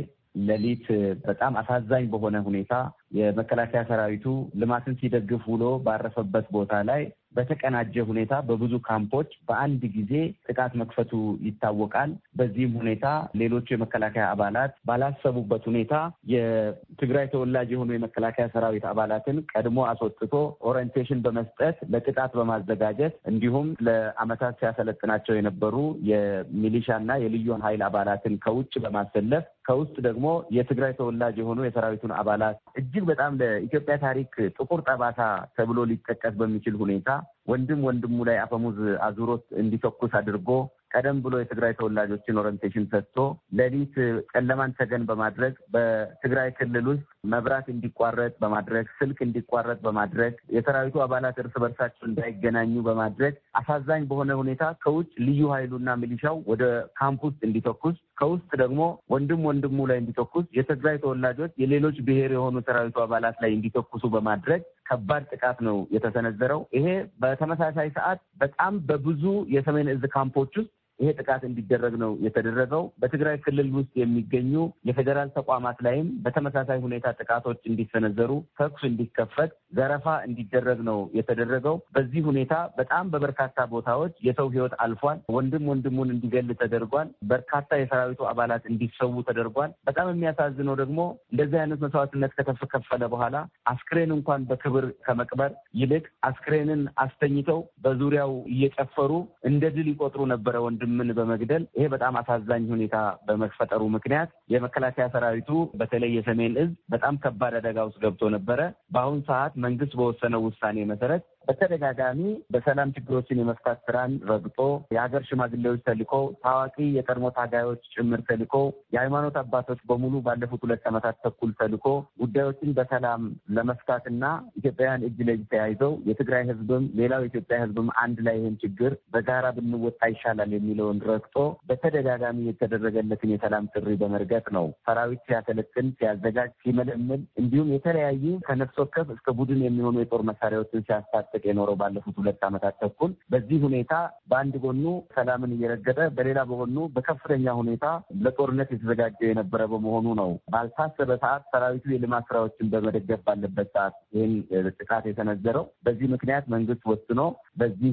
ሌሊት በጣም አሳዛኝ በሆነ ሁኔታ የመከላከያ ሰራዊቱ ልማትን ሲደግፍ ውሎ ባረፈበት ቦታ ላይ በተቀናጀ ሁኔታ በብዙ ካምፖች በአንድ ጊዜ ጥቃት መክፈቱ ይታወቃል። በዚህም ሁኔታ ሌሎቹ የመከላከያ አባላት ባላሰቡበት ሁኔታ የትግራይ ተወላጅ የሆኑ የመከላከያ ሰራዊት አባላትን ቀድሞ አስወጥቶ ኦሪንቴሽን በመስጠት ለጥቃት በማዘጋጀት እንዲሁም ለአመታት ሲያሰለጥናቸው የነበሩ የሚሊሻና የልዩ ኃይል አባላትን ከውጭ በማሰለፍ ከውስጥ ደግሞ የትግራይ ተወላጅ የሆኑ የሰራዊቱን አባላት እጅግ በጣም ለኢትዮጵያ ታሪክ ጥቁር ጠባሳ ተብሎ ሊጠቀስ በሚችል ሁኔታ ወንድም ወንድሙ ላይ አፈሙዝ አዙሮት እንዲተኩስ አድርጎ ቀደም ብሎ የትግራይ ተወላጆችን ኦሪንቴሽን ሰጥቶ ሌሊት ጨለማን ተገን በማድረግ በትግራይ ክልል ውስጥ መብራት እንዲቋረጥ በማድረግ ስልክ እንዲቋረጥ በማድረግ የሰራዊቱ አባላት እርስ በርሳቸው እንዳይገናኙ በማድረግ አሳዛኝ በሆነ ሁኔታ ከውጭ ልዩ ኃይሉና ሚሊሻው ወደ ካምፕ ውስጥ እንዲተኩስ ከውስጥ ደግሞ ወንድም ወንድሙ ላይ እንዲተኩስ የትግራይ ተወላጆች የሌሎች ብሔር የሆኑ ሰራዊቱ አባላት ላይ እንዲተኩሱ በማድረግ ከባድ ጥቃት ነው የተሰነዘረው። ይሄ በተመሳሳይ ሰዓት በጣም በብዙ የሰሜን እዝ ካምፖች ውስጥ ይሄ ጥቃት እንዲደረግ ነው የተደረገው። በትግራይ ክልል ውስጥ የሚገኙ የፌዴራል ተቋማት ላይም በተመሳሳይ ሁኔታ ጥቃቶች እንዲሰነዘሩ፣ ተኩስ እንዲከፈት፣ ዘረፋ እንዲደረግ ነው የተደረገው። በዚህ ሁኔታ በጣም በበርካታ ቦታዎች የሰው ሕይወት አልፏል። ወንድም ወንድሙን እንዲገል ተደርጓል። በርካታ የሰራዊቱ አባላት እንዲሰዉ ተደርጓል። በጣም የሚያሳዝነው ደግሞ እንደዚህ አይነት መስዋዕትነት ከተከፈለ በኋላ አስክሬን እንኳን በክብር ከመቅበር ይልቅ አስክሬንን አስተኝተው በዙሪያው እየጨፈሩ እንደ ድል ይቆጥሩ ነበረ ወንድ ወንድምን በመግደል ይሄ በጣም አሳዛኝ ሁኔታ በመፈጠሩ ምክንያት የመከላከያ ሰራዊቱ በተለይ የሰሜን እዝ በጣም ከባድ አደጋ ውስጥ ገብቶ ነበረ። በአሁኑ ሰዓት መንግስት በወሰነው ውሳኔ መሰረት በተደጋጋሚ በሰላም ችግሮችን የመፍታት ስራን ረግጦ የሀገር ሽማግሌዎች ተልኮ ታዋቂ የቀድሞ ታጋዮች ጭምር ተልኮ የሃይማኖት አባቶች በሙሉ ባለፉት ሁለት ዓመታት ተኩል ተልኮ ጉዳዮችን በሰላም ለመፍታትና ኢትዮጵያውያን እጅ ለእጅ ተያይዘው የትግራይ ህዝብም ሌላው የኢትዮጵያ ህዝብም አንድ ላይ ይህን ችግር በጋራ ብንወጣ ይሻላል የሚለውን ረግጦ በተደጋጋሚ የተደረገለትን የሰላም ጥሪ በመርገጥ ነው ሰራዊት ሲያሰለጥን፣ ሲያዘጋጅ፣ ሲመለምል እንዲሁም የተለያዩ ከነፍስ ወከፍ እስከ ቡድን የሚሆኑ የጦር መሳሪያዎችን ሲያስታጥ ሲያፈናጥቅ የኖረው ባለፉት ሁለት ዓመታት ተኩል። በዚህ ሁኔታ በአንድ ጎኑ ሰላምን እየረገጠ በሌላ በጎኑ በከፍተኛ ሁኔታ ለጦርነት የተዘጋጀ የነበረ በመሆኑ ነው ባልታሰበ ሰዓት ሰራዊቱ የልማት ስራዎችን በመደገፍ ባለበት ሰዓት ይህን ጥቃት የተነዘረው። በዚህ ምክንያት መንግስት ወስኖ በዚህ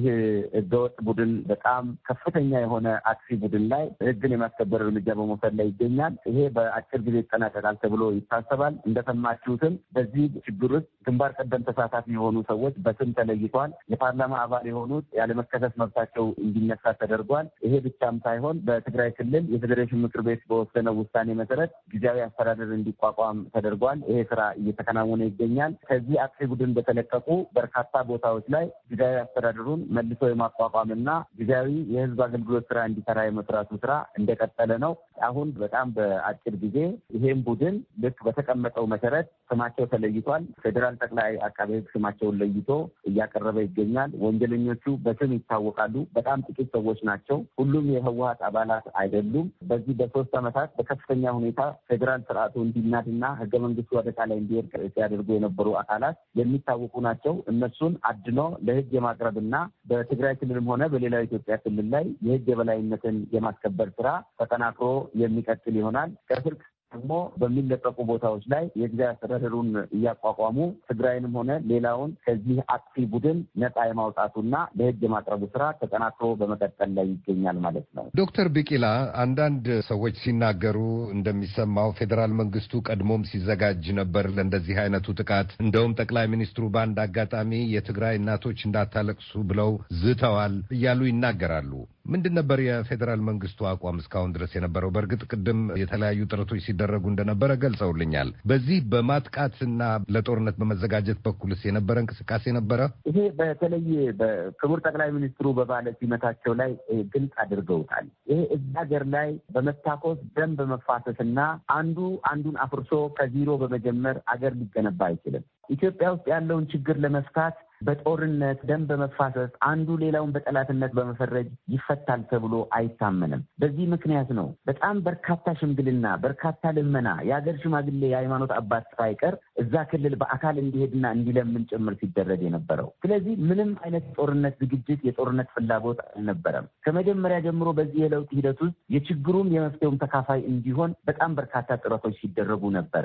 ህገወጥ ቡድን በጣም ከፍተኛ የሆነ አክሲ ቡድን ላይ ህግን የማስከበር እርምጃ በመውሰድ ላይ ይገኛል። ይሄ በአጭር ጊዜ ይጠናቀቃል ተብሎ ይታሰባል። እንደሰማችሁትም በዚህ ችግር ውስጥ ግንባር ቀደም ተሳታፊ የሆኑ ሰዎች በስም ተለይቷል። የፓርላማ አባል የሆኑት ያለመከሰስ መብታቸው እንዲነሳ ተደርጓል። ይሄ ብቻም ሳይሆን በትግራይ ክልል የፌዴሬሽን ምክር ቤት በወሰነው ውሳኔ መሰረት ጊዜያዊ አስተዳደር እንዲቋቋም ተደርጓል። ይሄ ስራ እየተከናወነ ይገኛል። ከዚህ አክሲ ቡድን በተለቀቁ በርካታ ቦታዎች ላይ ጊዜያዊ አስተዳደር አስተዳደሩን መልሶ የማቋቋምና ጊዜያዊ የህዝብ አገልግሎት ስራ እንዲሰራ የመስራቱ ስራ እንደቀጠለ ነው። አሁን በጣም በአጭር ጊዜ ይሄም ቡድን ልክ በተቀመጠው መሰረት ስማቸው ተለይቷል። ፌዴራል ጠቅላይ አቃቤ ህግ ስማቸውን ለይቶ እያቀረበ ይገኛል። ወንጀለኞቹ በስም ይታወቃሉ። በጣም ጥቂት ሰዎች ናቸው። ሁሉም የህወሀት አባላት አይደሉም። በዚህ በሶስት ዓመታት በከፍተኛ ሁኔታ ፌዴራል ስርዓቱ እንዲናድና ህገ መንግስቱ አደጋ ላይ እንዲወድቅ ሲያደርጉ የነበሩ አካላት የሚታወቁ ናቸው። እነሱን አድኖ ለህግ የማቅረብ እና በትግራይ ክልልም ሆነ በሌላው ኢትዮጵያ ክልል ላይ የህግ የበላይነትን የማስከበር ስራ ተጠናክሮ የሚቀጥል ይሆናል ከስልክ ደግሞ በሚለቀቁ ቦታዎች ላይ የጊዜ አስተዳደሩን እያቋቋሙ ትግራይንም ሆነ ሌላውን ከዚህ አጥፊ ቡድን ነፃ የማውጣቱና ለህግ የማቅረቡ ስራ ተጠናክሮ በመቀጠል ላይ ይገኛል ማለት ነው። ዶክተር ቢቂላ አንዳንድ ሰዎች ሲናገሩ እንደሚሰማው ፌዴራል መንግስቱ ቀድሞም ሲዘጋጅ ነበር ለእንደዚህ አይነቱ ጥቃት። እንደውም ጠቅላይ ሚኒስትሩ በአንድ አጋጣሚ የትግራይ እናቶች እንዳታለቅሱ ብለው ዝተዋል እያሉ ይናገራሉ። ምንድን ነበር የፌዴራል መንግስቱ አቋም እስካሁን ድረስ የነበረው? በእርግጥ ቅድም የተለያዩ ጥረቶች ሲደረጉ እንደነበረ ገልጸውልኛል። በዚህ በማጥቃትና ለጦርነት በመዘጋጀት በኩልስ የነበረ እንቅስቃሴ ነበረ? ይሄ በተለይ በክቡር ጠቅላይ ሚኒስትሩ በባለ ሲመታቸው ላይ ግልጽ አድርገውታል። ይሄ እዚህ ሀገር ላይ በመታኮስ ደም በመፋሰስና አንዱ አንዱን አፍርሶ ከዚሮ በመጀመር አገር ሊገነባ አይችልም። ኢትዮጵያ ውስጥ ያለውን ችግር ለመፍታት በጦርነት ደም በመፋሰስ አንዱ ሌላውን በጠላትነት በመፈረጅ ይፈታል ተብሎ አይታመንም። በዚህ ምክንያት ነው በጣም በርካታ ሽምግልና፣ በርካታ ልመና የሀገር ሽማግሌ የሃይማኖት አባት ሳይቀር እዛ ክልል በአካል እንዲሄድና እንዲለምን ጭምር ሲደረግ የነበረው። ስለዚህ ምንም አይነት ጦርነት ዝግጅት፣ የጦርነት ፍላጎት አልነበረም። ከመጀመሪያ ጀምሮ በዚህ የለውጥ ሂደት ውስጥ የችግሩም የመፍትሄውም ተካፋይ እንዲሆን በጣም በርካታ ጥረቶች ሲደረጉ ነበረ።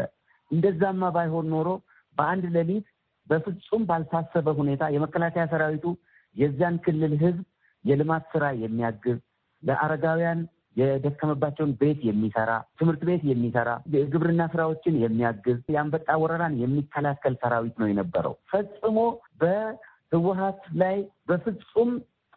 እንደዛማ ባይሆን ኖሮ በአንድ ሌሊት በፍጹም ባልታሰበ ሁኔታ የመከላከያ ሰራዊቱ የዚያን ክልል ህዝብ የልማት ስራ የሚያግዝ ለአረጋውያን የደከመባቸውን ቤት የሚሰራ ትምህርት ቤት የሚሰራ የግብርና ስራዎችን የሚያግዝ የአንበጣ ወረራን የሚከላከል ሰራዊት ነው የነበረው። ፈጽሞ በህወሀት ላይ በፍጹም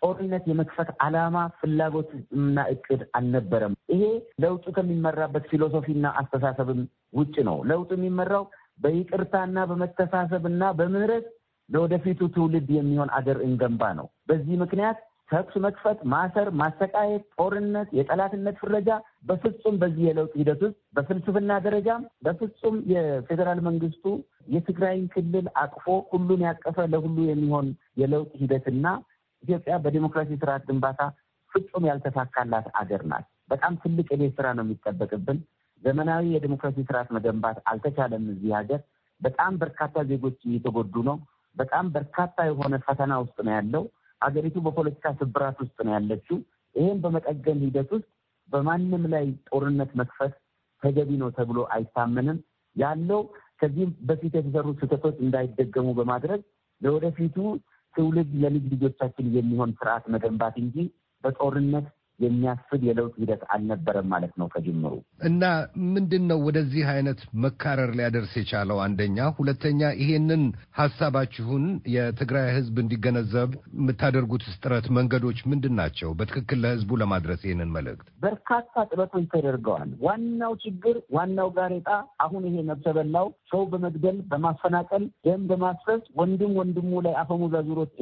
ጦርነት የመክፈት አላማ ፍላጎት እና እቅድ አልነበረም። ይሄ ለውጡ ከሚመራበት ፊሎሶፊና አስተሳሰብም ውጭ ነው። ለውጡ የሚመራው በይቅርታና በመተሳሰብና በምህረት ለወደፊቱ ትውልድ የሚሆን አገር እንገንባ ነው። በዚህ ምክንያት ተኩስ መክፈት፣ ማሰር፣ ማሰቃየት፣ ጦርነት፣ የጠላትነት ፍረጃ በፍጹም በዚህ የለውጥ ሂደት ውስጥ በፍልስፍና ደረጃም በፍጹም የፌዴራል መንግስቱ የትግራይን ክልል አቅፎ ሁሉን ያቀፈ ለሁሉ የሚሆን የለውጥ ሂደትና ኢትዮጵያ በዲሞክራሲ ስርዓት ግንባታ ፍጹም ያልተሳካላት አገር ናት። በጣም ትልቅ የቤት ስራ ነው የሚጠበቅብን። ዘመናዊ የዲሞክራሲ ስርዓት መገንባት አልተቻለም። እዚህ ሀገር በጣም በርካታ ዜጎች እየተጎዱ ነው። በጣም በርካታ የሆነ ፈተና ውስጥ ነው ያለው። ሀገሪቱ በፖለቲካ ስብራት ውስጥ ነው ያለችው። ይህም በመጠገን ሂደት ውስጥ በማንም ላይ ጦርነት መክፈት ተገቢ ነው ተብሎ አይታመንም። ያለው ከዚህም በፊት የተሰሩ ስህተቶች እንዳይደገሙ በማድረግ ለወደፊቱ ትውልድ ለልጅ ልጆቻችን የሚሆን ስርዓት መገንባት እንጂ በጦርነት የሚያስብ የለውጥ ሂደት አልነበረም ማለት ነው ከጅምሩ። እና ምንድን ነው ወደዚህ አይነት መካረር ሊያደርስ የቻለው? አንደኛ። ሁለተኛ ይሄንን ሀሳባችሁን የትግራይ ህዝብ እንዲገነዘብ የምታደርጉት ጥረት መንገዶች ምንድን ናቸው? በትክክል ለህዝቡ ለማድረስ ይህንን መልእክት በርካታ ጥረቶች ተደርገዋል። ዋናው ችግር ዋናው ጋሬጣ አሁን ይሄ ነብሰ በላው ሰው በመግደል በማፈናቀል ደም በማስፈስ ወንድም ወንድሙ ላይ አፈሙዛ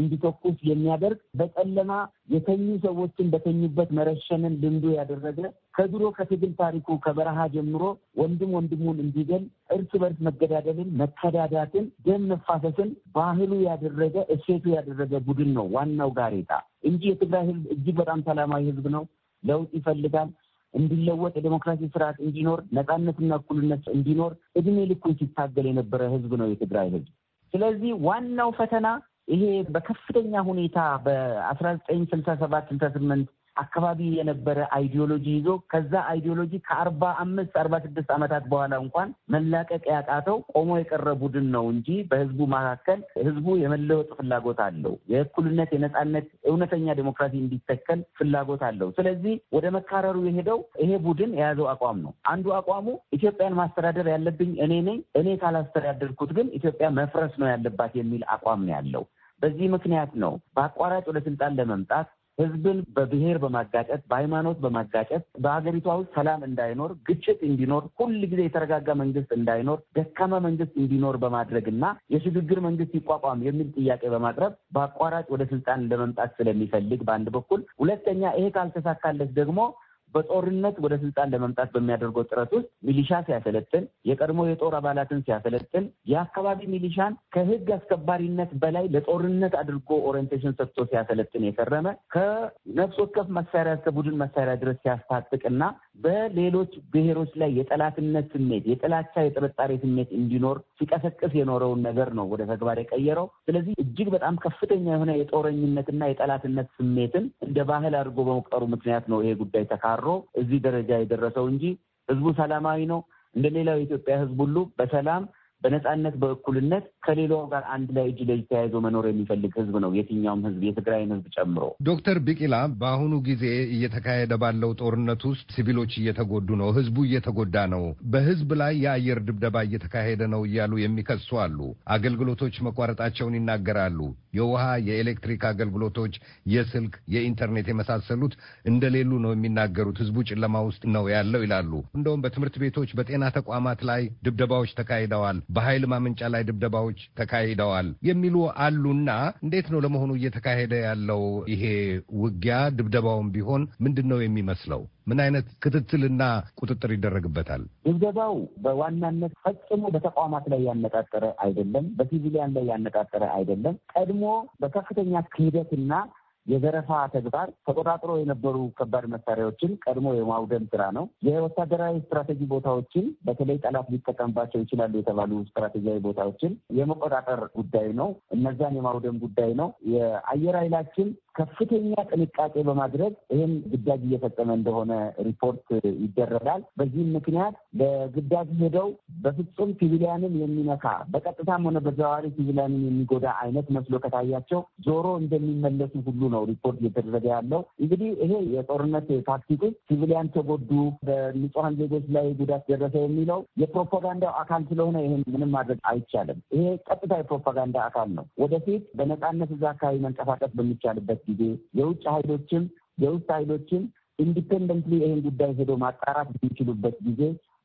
እንዲተኩስ የሚያደርግ በጨለማ የተኙ ሰዎችን በተኙበት መረ የረሸንን ልምዱ ያደረገ ከድሮ ከትግል ታሪኩ ከበረሃ ጀምሮ ወንድም ወንድሙን እንዲገል እርስ በርስ መገዳደልን፣ መከዳዳትን፣ ደም መፋሰስን ባህሉ ያደረገ እሴቱ ያደረገ ቡድን ነው ዋናው ጋሬጣ እንጂ የትግራይ ህዝብ እጅግ በጣም ሰላማዊ ህዝብ ነው። ለውጥ ይፈልጋል እንዲለወጥ የዴሞክራሲ ስርዓት እንዲኖር ነፃነትና እኩልነት እንዲኖር እድሜ ልኩን ሲታገል የነበረ ህዝብ ነው የትግራይ ህዝብ። ስለዚህ ዋናው ፈተና ይሄ በከፍተኛ ሁኔታ በአስራ ዘጠኝ ስልሳ ሰባት ስልሳ ስምንት አካባቢ የነበረ አይዲዮሎጂ ይዞ ከዛ አይዲዮሎጂ ከአርባ አምስት አርባ ስድስት ዓመታት በኋላ እንኳን መላቀቅ ያቃተው ቆሞ የቀረ ቡድን ነው እንጂ በህዝቡ መካከል ህዝቡ የመለወጥ ፍላጎት አለው። የእኩልነት፣ የነጻነት፣ እውነተኛ ዴሞክራሲ እንዲተከል ፍላጎት አለው። ስለዚህ ወደ መካረሩ የሄደው ይሄ ቡድን የያዘው አቋም ነው። አንዱ አቋሙ ኢትዮጵያን ማስተዳደር ያለብኝ እኔ ነኝ፣ እኔ ካላስተዳደርኩት ግን ኢትዮጵያ መፍረስ ነው ያለባት የሚል አቋም ነው ያለው። በዚህ ምክንያት ነው በአቋራጭ ወደ ስልጣን ለመምጣት ህዝብን በብሔር በማጋጨት በሃይማኖት በማጋጨት በሀገሪቷ ውስጥ ሰላም እንዳይኖር ግጭት እንዲኖር ሁል ጊዜ የተረጋጋ መንግስት እንዳይኖር ደካማ መንግስት እንዲኖር በማድረግ እና የሽግግር መንግስት ይቋቋም የሚል ጥያቄ በማቅረብ በአቋራጭ ወደ ስልጣን ለመምጣት ስለሚፈልግ በአንድ በኩል ሁለተኛ ይሄ ካልተሳካለት ደግሞ በጦርነት ወደ ስልጣን ለመምጣት በሚያደርገው ጥረት ውስጥ ሚሊሻ ሲያሰለጥን፣ የቀድሞ የጦር አባላትን ሲያሰለጥን፣ የአካባቢ ሚሊሻን ከህግ አስከባሪነት በላይ ለጦርነት አድርጎ ኦሪንቴሽን ሰጥቶ ሲያሰለጥን የከረመ ከነፍስ ወከፍ መሳሪያ እስከ ቡድን መሳሪያ ድረስ ሲያስታጥቅና በሌሎች ብሔሮች ላይ የጠላትነት ስሜት፣ የጥላቻ የጥርጣሬ ስሜት እንዲኖር ሲቀሰቅስ የኖረውን ነገር ነው ወደ ተግባር የቀየረው። ስለዚህ እጅግ በጣም ከፍተኛ የሆነ የጦረኝነትና የጠላትነት ስሜትን እንደ ባህል አድርጎ በመቁጠሩ ምክንያት ነው ይሄ ጉዳይ ተካሮ እዚህ ደረጃ የደረሰው እንጂ ህዝቡ ሰላማዊ ነው። እንደ ሌላው የኢትዮጵያ ህዝብ ሁሉ በሰላም በነፃነት በእኩልነት ከሌላው ጋር አንድ ላይ እጅ ለእጅ ተያይዞ መኖር የሚፈልግ ህዝብ ነው የትኛውም ህዝብ የትግራይን ህዝብ ጨምሮ። ዶክተር ቢቂላ በአሁኑ ጊዜ እየተካሄደ ባለው ጦርነት ውስጥ ሲቪሎች እየተጎዱ ነው፣ ህዝቡ እየተጎዳ ነው፣ በህዝብ ላይ የአየር ድብደባ እየተካሄደ ነው እያሉ የሚከሱ አሉ። አገልግሎቶች መቋረጣቸውን ይናገራሉ። የውሃ፣ የኤሌክትሪክ አገልግሎቶች፣ የስልክ፣ የኢንተርኔት የመሳሰሉት እንደሌሉ ነው የሚናገሩት። ህዝቡ ጨለማ ውስጥ ነው ያለው ይላሉ። እንደውም በትምህርት ቤቶች፣ በጤና ተቋማት ላይ ድብደባዎች ተካሂደዋል። በኃይል ማመንጫ ላይ ድብደባዎች ተካሂደዋል የሚሉ አሉና እንዴት ነው ለመሆኑ እየተካሄደ ያለው ይሄ ውጊያ? ድብደባውም ቢሆን ምንድን ነው የሚመስለው? ምን አይነት ክትትልና ቁጥጥር ይደረግበታል? ድብደባው በዋናነት ፈጽሞ በተቋማት ላይ ያነጣጠረ አይደለም፣ በሲቪሊያን ላይ ያነጣጠረ አይደለም። ቀድሞ በከፍተኛ ክህደትና የዘረፋ ተግባር ተቆጣጥሮ የነበሩ ከባድ መሳሪያዎችን ቀድሞ የማውደም ስራ ነው። የወታደራዊ ስትራቴጂ ቦታዎችን በተለይ ጠላት ሊጠቀምባቸው ይችላሉ የተባሉ ስትራቴጂያዊ ቦታዎችን የመቆጣጠር ጉዳይ ነው። እነዛን የማውደም ጉዳይ ነው። የአየር ኃይላችን ከፍተኛ ጥንቃቄ በማድረግ ይህም ግዳጅ እየፈጸመ እንደሆነ ሪፖርት ይደረጋል። በዚህም ምክንያት በግዳጅ ሄደው በፍጹም ሲቪሊያንን የሚነካ በቀጥታም ሆነ በዘዋዋሪ ሲቪሊያንን የሚጎዳ አይነት መስሎ ከታያቸው ዞሮ እንደሚመለሱ ሁሉ ነው ሪፖርት እየተደረገ ያለው። እንግዲህ ይሄ የጦርነት ታክቲክ ሲቪሊያን ተጎዱ፣ በንጹሐን ዜጎች ላይ ጉዳት ደረሰ የሚለው የፕሮፓጋንዳው አካል ስለሆነ ይህን ምንም ማድረግ አይቻልም። ይሄ ቀጥታ የፕሮፓጋንዳ አካል ነው። ወደፊት በነፃነት እዛ አካባቢ መንቀሳቀስ በሚቻልበት በሚያደርግበት ጊዜ የውጭ ኃይሎችም የውስጥ ኃይሎችም ኢንዲፔንደንትሊ ይህን ጉዳይ ሄዶ ማጣራት የሚችሉበት ጊዜ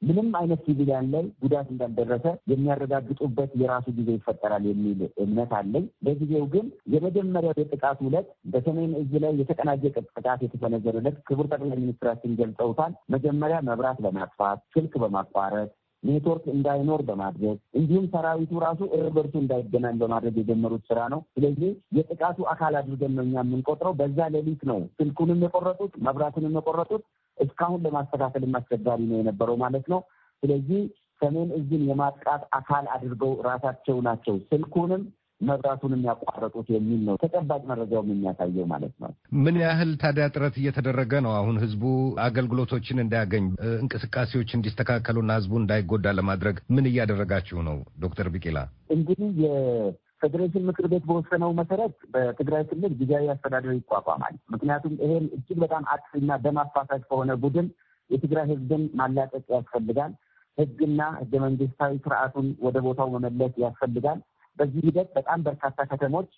ምንም አይነት ሲቪሊያን ላይ ጉዳት እንዳልደረሰ የሚያረጋግጡበት የራሱ ጊዜ ይፈጠራል የሚል እምነት አለኝ። በጊዜው ግን የመጀመሪያው የጥቃት ዕለት በሰሜን እዝ ላይ የተቀናጀ ጥቃት የተሰነዘረ ክቡር ጠቅላይ ሚኒስትራችን ገልጸውታል። መጀመሪያ መብራት በማጥፋት ስልክ በማቋረጥ ኔትወርክ እንዳይኖር በማድረግ እንዲሁም ሰራዊቱ ራሱ እርስ በርሱ እንዳይገናኝ በማድረግ የጀመሩት ስራ ነው። ስለዚህ የጥቃቱ አካል አድርገን ነው እኛ የምንቆጥረው። በዛ ሌሊት ነው ስልኩንም የቆረጡት፣ መብራቱንም የቆረጡት። እስካሁን ለማስተካከል አስቸጋሪ ነው የነበረው ማለት ነው። ስለዚህ ሰሜን እዝን የማጥቃት አካል አድርገው ራሳቸው ናቸው ስልኩንም መብራቱን የሚያቋረጡት የሚል ነው ተጨባጭ መረጃውም የሚያሳየው ማለት ነው። ምን ያህል ታዲያ ጥረት እየተደረገ ነው? አሁን ህዝቡ አገልግሎቶችን እንዳያገኝ እንቅስቃሴዎች እንዲስተካከሉና ህዝቡ እንዳይጎዳ ለማድረግ ምን እያደረጋችሁ ነው? ዶክተር ቢቂላ እንግዲህ የፌዴሬሽን ምክር ቤት በወሰነው መሰረት በትግራይ ክልል ጊዜያዊ አስተዳደር ይቋቋማል። ምክንያቱም ይሄን እጅግ በጣም አጥፊና ደም አፋሳሽ ከሆነ ቡድን የትግራይ ህዝብን ማላቀቅ ያስፈልጋል። ህግና ህገ መንግስታዊ ስርዓቱን ወደ ቦታው መመለስ ያስፈልጋል። በዚህ ሂደት በጣም በርካታ ከተሞች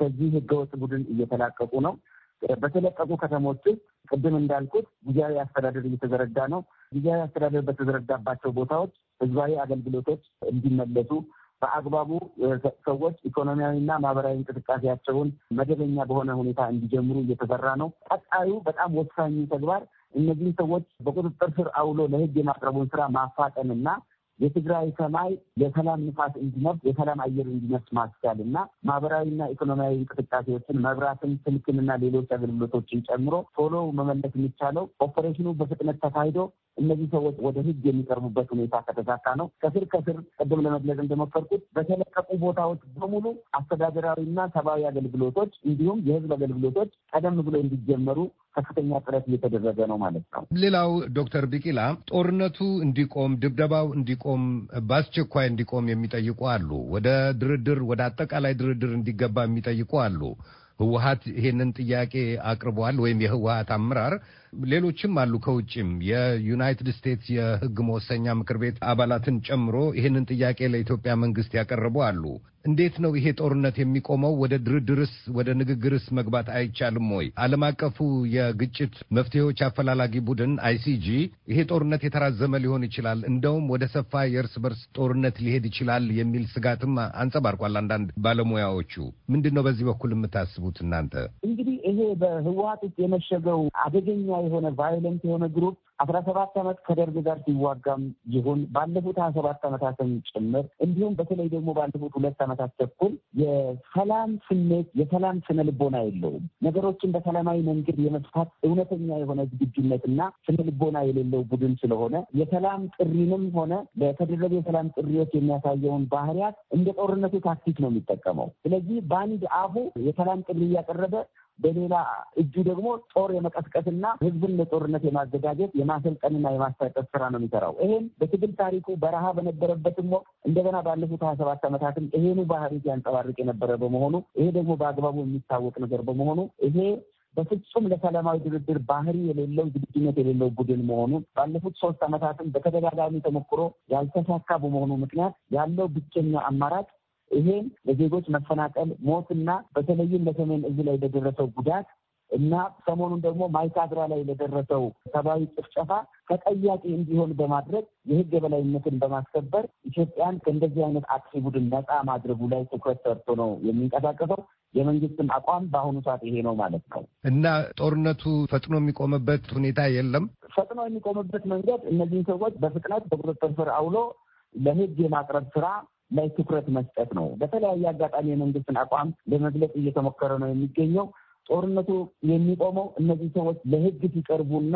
ከዚህ ህገወጥ ቡድን እየተላቀቁ ነው። በተለቀቁ ከተሞች ውስጥ ቅድም እንዳልኩት ጊዜያዊ አስተዳደር እየተዘረዳ ነው። ጊዜያዊ አስተዳደር በተዘረዳባቸው ቦታዎች ህዝባዊ አገልግሎቶች እንዲመለሱ በአግባቡ ሰዎች ኢኮኖሚያዊና ማህበራዊ እንቅስቃሴያቸውን መደበኛ በሆነ ሁኔታ እንዲጀምሩ እየተሰራ ነው። ቀጣዩ በጣም ወሳኙ ተግባር እነዚህን ሰዎች በቁጥጥር ስር አውሎ ለህግ የማቅረቡን ስራ ማፋጠንና የትግራይ ሰማይ ለሰላም ንፋስ እንዲነፍስ የሰላም አየር እንዲነፍስ ማስቻል እና ማህበራዊና ኢኮኖሚያዊ እንቅስቃሴዎችን መብራትን፣ ስልክንና ሌሎች አገልግሎቶችን ጨምሮ ቶሎ መመለስ የሚቻለው ኦፐሬሽኑ በፍጥነት ተካሂዶ እነዚህ ሰዎች ወደ ህግ የሚቀርቡበት ሁኔታ ከተሳካ ነው። ከስር ከስር ቅድም ለመግለጽ እንደሞከርኩት በተለቀቁ ቦታዎች በሙሉ አስተዳደራዊና ሰብአዊ አገልግሎቶች እንዲሁም የህዝብ አገልግሎቶች ቀደም ብሎ እንዲጀመሩ ከፍተኛ ጥረት እየተደረገ ነው ማለት ነው። ሌላው ዶክተር ቢቂላ ጦርነቱ እንዲቆም፣ ድብደባው እንዲቆም፣ በአስቸኳይ እንዲቆም የሚጠይቁ አሉ። ወደ ድርድር ወደ አጠቃላይ ድርድር እንዲገባ የሚጠይቁ አሉ። ህወሀት ይሄንን ጥያቄ አቅርቧል ወይም የህወሀት አመራር ሌሎችም አሉ ከውጭም የዩናይትድ ስቴትስ የህግ መወሰኛ ምክር ቤት አባላትን ጨምሮ ይህንን ጥያቄ ለኢትዮጵያ መንግስት ያቀረቡ አሉ እንዴት ነው ይሄ ጦርነት የሚቆመው? ወደ ድርድርስ ወደ ንግግርስ መግባት አይቻልም ወይ? ዓለም አቀፉ የግጭት መፍትሄዎች አፈላላጊ ቡድን አይሲጂ ይሄ ጦርነት የተራዘመ ሊሆን ይችላል፣ እንደውም ወደ ሰፋ የእርስ በርስ ጦርነት ሊሄድ ይችላል የሚል ስጋትም አንጸባርቋል። አንዳንድ ባለሙያዎቹ ምንድን ነው በዚህ በኩል የምታስቡት እናንተ? እንግዲህ ይሄ በህወሀት ውስጥ የመሸገው አደገኛ የሆነ ቫዮለንት የሆነ ግሩፕ አስራ ሰባት ዓመት ከደርግ ጋር ሲዋጋም ይሁን ባለፉት ሀያ ሰባት ዓመታትም ጭምር እንዲሁም በተለይ ደግሞ ባለፉት ሁለት ዓመታት ተኩል የሰላም ስሜት የሰላም ስነ ልቦና የለውም። ነገሮችን በሰላማዊ መንገድ የመፍታት እውነተኛ የሆነ ዝግጁነትና ስነ ልቦና የሌለው ቡድን ስለሆነ የሰላም ጥሪንም ሆነ ለተደረገ የሰላም ጥሪዎች የሚያሳየውን ባህሪያት እንደ ጦርነቱ ታክቲክ ነው የሚጠቀመው። ስለዚህ በአንድ አፉ የሰላም ጥሪ እያቀረበ በሌላ እጁ ደግሞ ጦር የመቀስቀስና ህዝብን ለጦርነት የማዘጋጀት የማሰልጠንና የማስታጠቅ ስራ ነው የሚሰራው። ይሄን በትግል ታሪኩ በረሃ በነበረበትም ወቅት እንደገና ባለፉት ሀያ ሰባት ዓመታትም ይሄኑ ባህሪ ሲያንጸባርቅ የነበረ በመሆኑ ይሄ ደግሞ በአግባቡ የሚታወቅ ነገር በመሆኑ ይሄ በፍጹም ለሰላማዊ ድርድር ባህሪ የሌለው ዝግጁነት የሌለው ቡድን መሆኑ ባለፉት ሶስት ዓመታትም በተደጋጋሚ ተሞክሮ ያልተሳካ በመሆኑ ምክንያት ያለው ብቸኛ አማራጭ ይሄም ለዜጎች መፈናቀል፣ ሞትና በተለይም ለሰሜን እዝ ላይ ለደረሰው ጉዳት እና ሰሞኑን ደግሞ ማይካድራ ላይ ለደረሰው ሰብአዊ ጭፍጨፋ ተጠያቂ እንዲሆን በማድረግ የሕግ የበላይነትን በማስከበር ኢትዮጵያን ከእንደዚህ አይነት አክሲ ቡድን ነፃ ማድረጉ ላይ ትኩረት ሰርቶ ነው የሚንቀሳቀሰው። የመንግስትም አቋም በአሁኑ ሰዓት ይሄ ነው ማለት ነው እና ጦርነቱ ፈጥኖ የሚቆምበት ሁኔታ የለም። ፈጥኖ የሚቆምበት መንገድ እነዚህን ሰዎች በፍጥነት በቁጥጥር ስር አውሎ ለሕግ የማቅረብ ስራ ላይ ትኩረት መስጠት ነው። በተለያየ አጋጣሚ የመንግስትን አቋም ለመግለጽ እየተሞከረ ነው የሚገኘው። ጦርነቱ የሚቆመው እነዚህ ሰዎች ለህግ ሲቀርቡና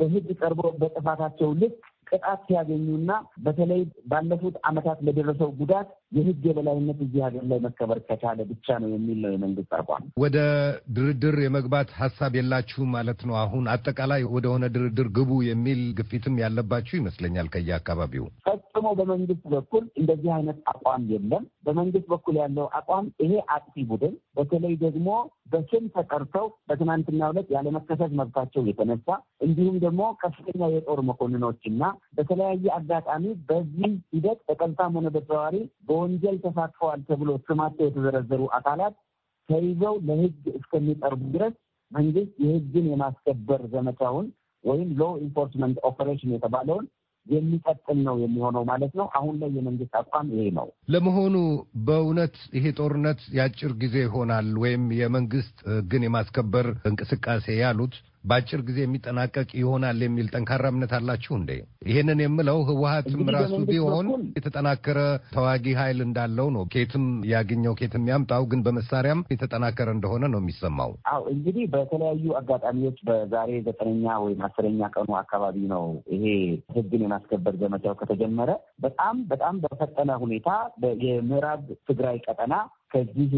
በህግ ቀርቦ በጥፋታቸው ልክ ቅጣት ሲያገኙና በተለይ ባለፉት አመታት ለደረሰው ጉዳት የህግ የበላይነት እዚህ ሀገር ላይ መከበር ከቻለ ብቻ ነው የሚል ነው የመንግስት አቋም። ወደ ድርድር የመግባት ሀሳብ የላችሁ ማለት ነው? አሁን አጠቃላይ ወደሆነ ድርድር ግቡ የሚል ግፊትም ያለባችሁ ይመስለኛል ከየአካባቢው። ፈጽሞ በመንግስት በኩል እንደዚህ አይነት አቋም የለም። በመንግስት በኩል ያለው አቋም ይሄ አጥፊ ቡድን በተለይ ደግሞ በስም ተጠርተው በትናንትና ዕለት ያለመከሰስ መብታቸው የተነሳ እንዲሁም ደግሞ ከፍተኛ የጦር መኮንኖችና በተለያየ አጋጣሚ በዚህ ሂደት በቀጥታም ሆነ በተዘዋዋሪ በወንጀል ተሳትፈዋል ተብሎ ስማቸው የተዘረዘሩ አካላት ተይዘው ለሕግ እስከሚቀርቡ ድረስ መንግስት የሕግን የማስከበር ዘመቻውን ወይም ሎ ኢንፎርስመንት ኦፐሬሽን የተባለውን የሚቀጥል ነው የሚሆነው ማለት ነው። አሁን ላይ የመንግስት አቋም ይሄ ነው። ለመሆኑ በእውነት ይሄ ጦርነት የአጭር ጊዜ ይሆናል ወይም የመንግስት ሕግን የማስከበር እንቅስቃሴ ያሉት በአጭር ጊዜ የሚጠናቀቅ ይሆናል የሚል ጠንካራ እምነት አላችሁ እንዴ? ይህንን የምለው ህወሀትም ራሱ ቢሆን የተጠናከረ ተዋጊ ኃይል እንዳለው ነው። ኬትም ያገኘው ኬትም ያምጣው፣ ግን በመሳሪያም የተጠናከረ እንደሆነ ነው የሚሰማው። አዎ እንግዲህ በተለያዩ አጋጣሚዎች በዛሬ ዘጠነኛ ወይም አስረኛ ቀኑ አካባቢ ነው ይሄ ህግን የማስከበር ዘመቻው ከተጀመረ በጣም በጣም በፈጠነ ሁኔታ የምዕራብ ትግራይ ቀጠና ከዚህ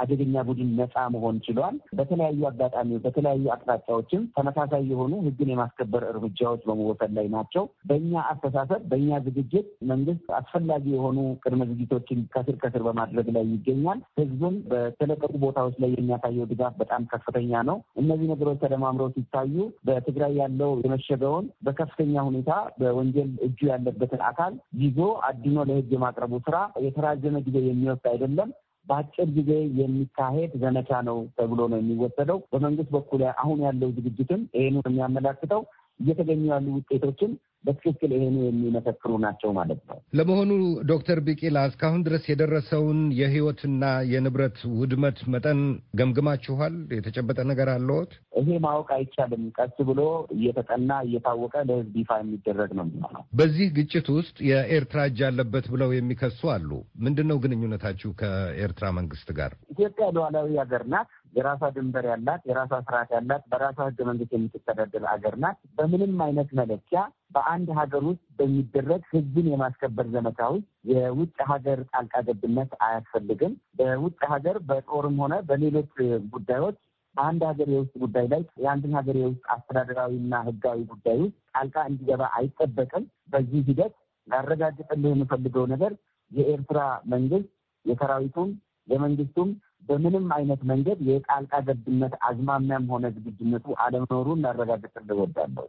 አደገኛ ቡድን ነፃ መሆን ችሏል። በተለያዩ አጋጣሚዎች በተለያዩ አቅጣጫዎችም ተመሳሳይ የሆኑ ህግን የማስከበር እርምጃዎች በመወሰድ ላይ ናቸው። በእኛ አስተሳሰብ፣ በእኛ ዝግጅት መንግስት አስፈላጊ የሆኑ ቅድመ ዝግጅቶችን ከስር ከስር በማድረግ ላይ ይገኛል። ህዝቡም በተለቀቁ ቦታዎች ላይ የሚያሳየው ድጋፍ በጣም ከፍተኛ ነው። እነዚህ ነገሮች ተደማምረው ሲታዩ በትግራይ ያለው የመሸገውን በከፍተኛ ሁኔታ በወንጀል እጁ ያለበትን አካል ይዞ አድኖ ለህግ የማቅረቡ ስራ የተራዘመ ጊዜ የሚወስድ አይደለም። በአጭር ጊዜ የሚካሄድ ዘመቻ ነው ተብሎ ነው የሚወሰደው። በመንግስት በኩል አሁን ያለው ዝግጅትም ይህኑ የሚያመላክተው እየተገኙ ያሉ ውጤቶችን በትክክል ይሄኑ የሚመሰክሩ ናቸው ማለት ነው። ለመሆኑ ዶክተር ቢቂላ እስካሁን ድረስ የደረሰውን የህይወትና የንብረት ውድመት መጠን ገምግማችኋል? የተጨበጠ ነገር አለዎት? ይሄ ማወቅ አይቻልም። ቀስ ብሎ እየተጠና እየታወቀ ለህዝብ ይፋ የሚደረግ ነው የሚሆነው። በዚህ ግጭት ውስጥ የኤርትራ እጅ አለበት ብለው የሚከሱ አሉ። ምንድን ነው ግንኙነታችሁ ከኤርትራ መንግስት ጋር? ኢትዮጵያ ሉዓላዊ ሀገር ናት። የራሷ ድንበር ያላት፣ የራሷ ስርዓት ያላት፣ በራሷ ህገ መንግስት የምትተዳደር ሀገር ናት። በምንም አይነት መለኪያ በአንድ ሀገር ውስጥ በሚደረግ ህግን የማስከበር ዘመቻ ውስጥ የውጭ ሀገር ጣልቃ ገብነት አያስፈልግም። በውጭ ሀገር በጦርም ሆነ በሌሎች ጉዳዮች በአንድ ሀገር የውስጥ ጉዳይ ላይ የአንድን ሀገር የውስጥ አስተዳደራዊና ህጋዊ ጉዳይ ውስጥ ጣልቃ እንዲገባ አይጠበቅም። በዚህ ሂደት ላረጋግጥልህ የምፈልገው ነገር የኤርትራ መንግስት የሰራዊቱም የመንግስቱም በምንም አይነት መንገድ የጣልቃ ገብነት አዝማሚያም ሆነ ዝግጁነቱ አለመኖሩን ላረጋግጥ እወዳለሁ።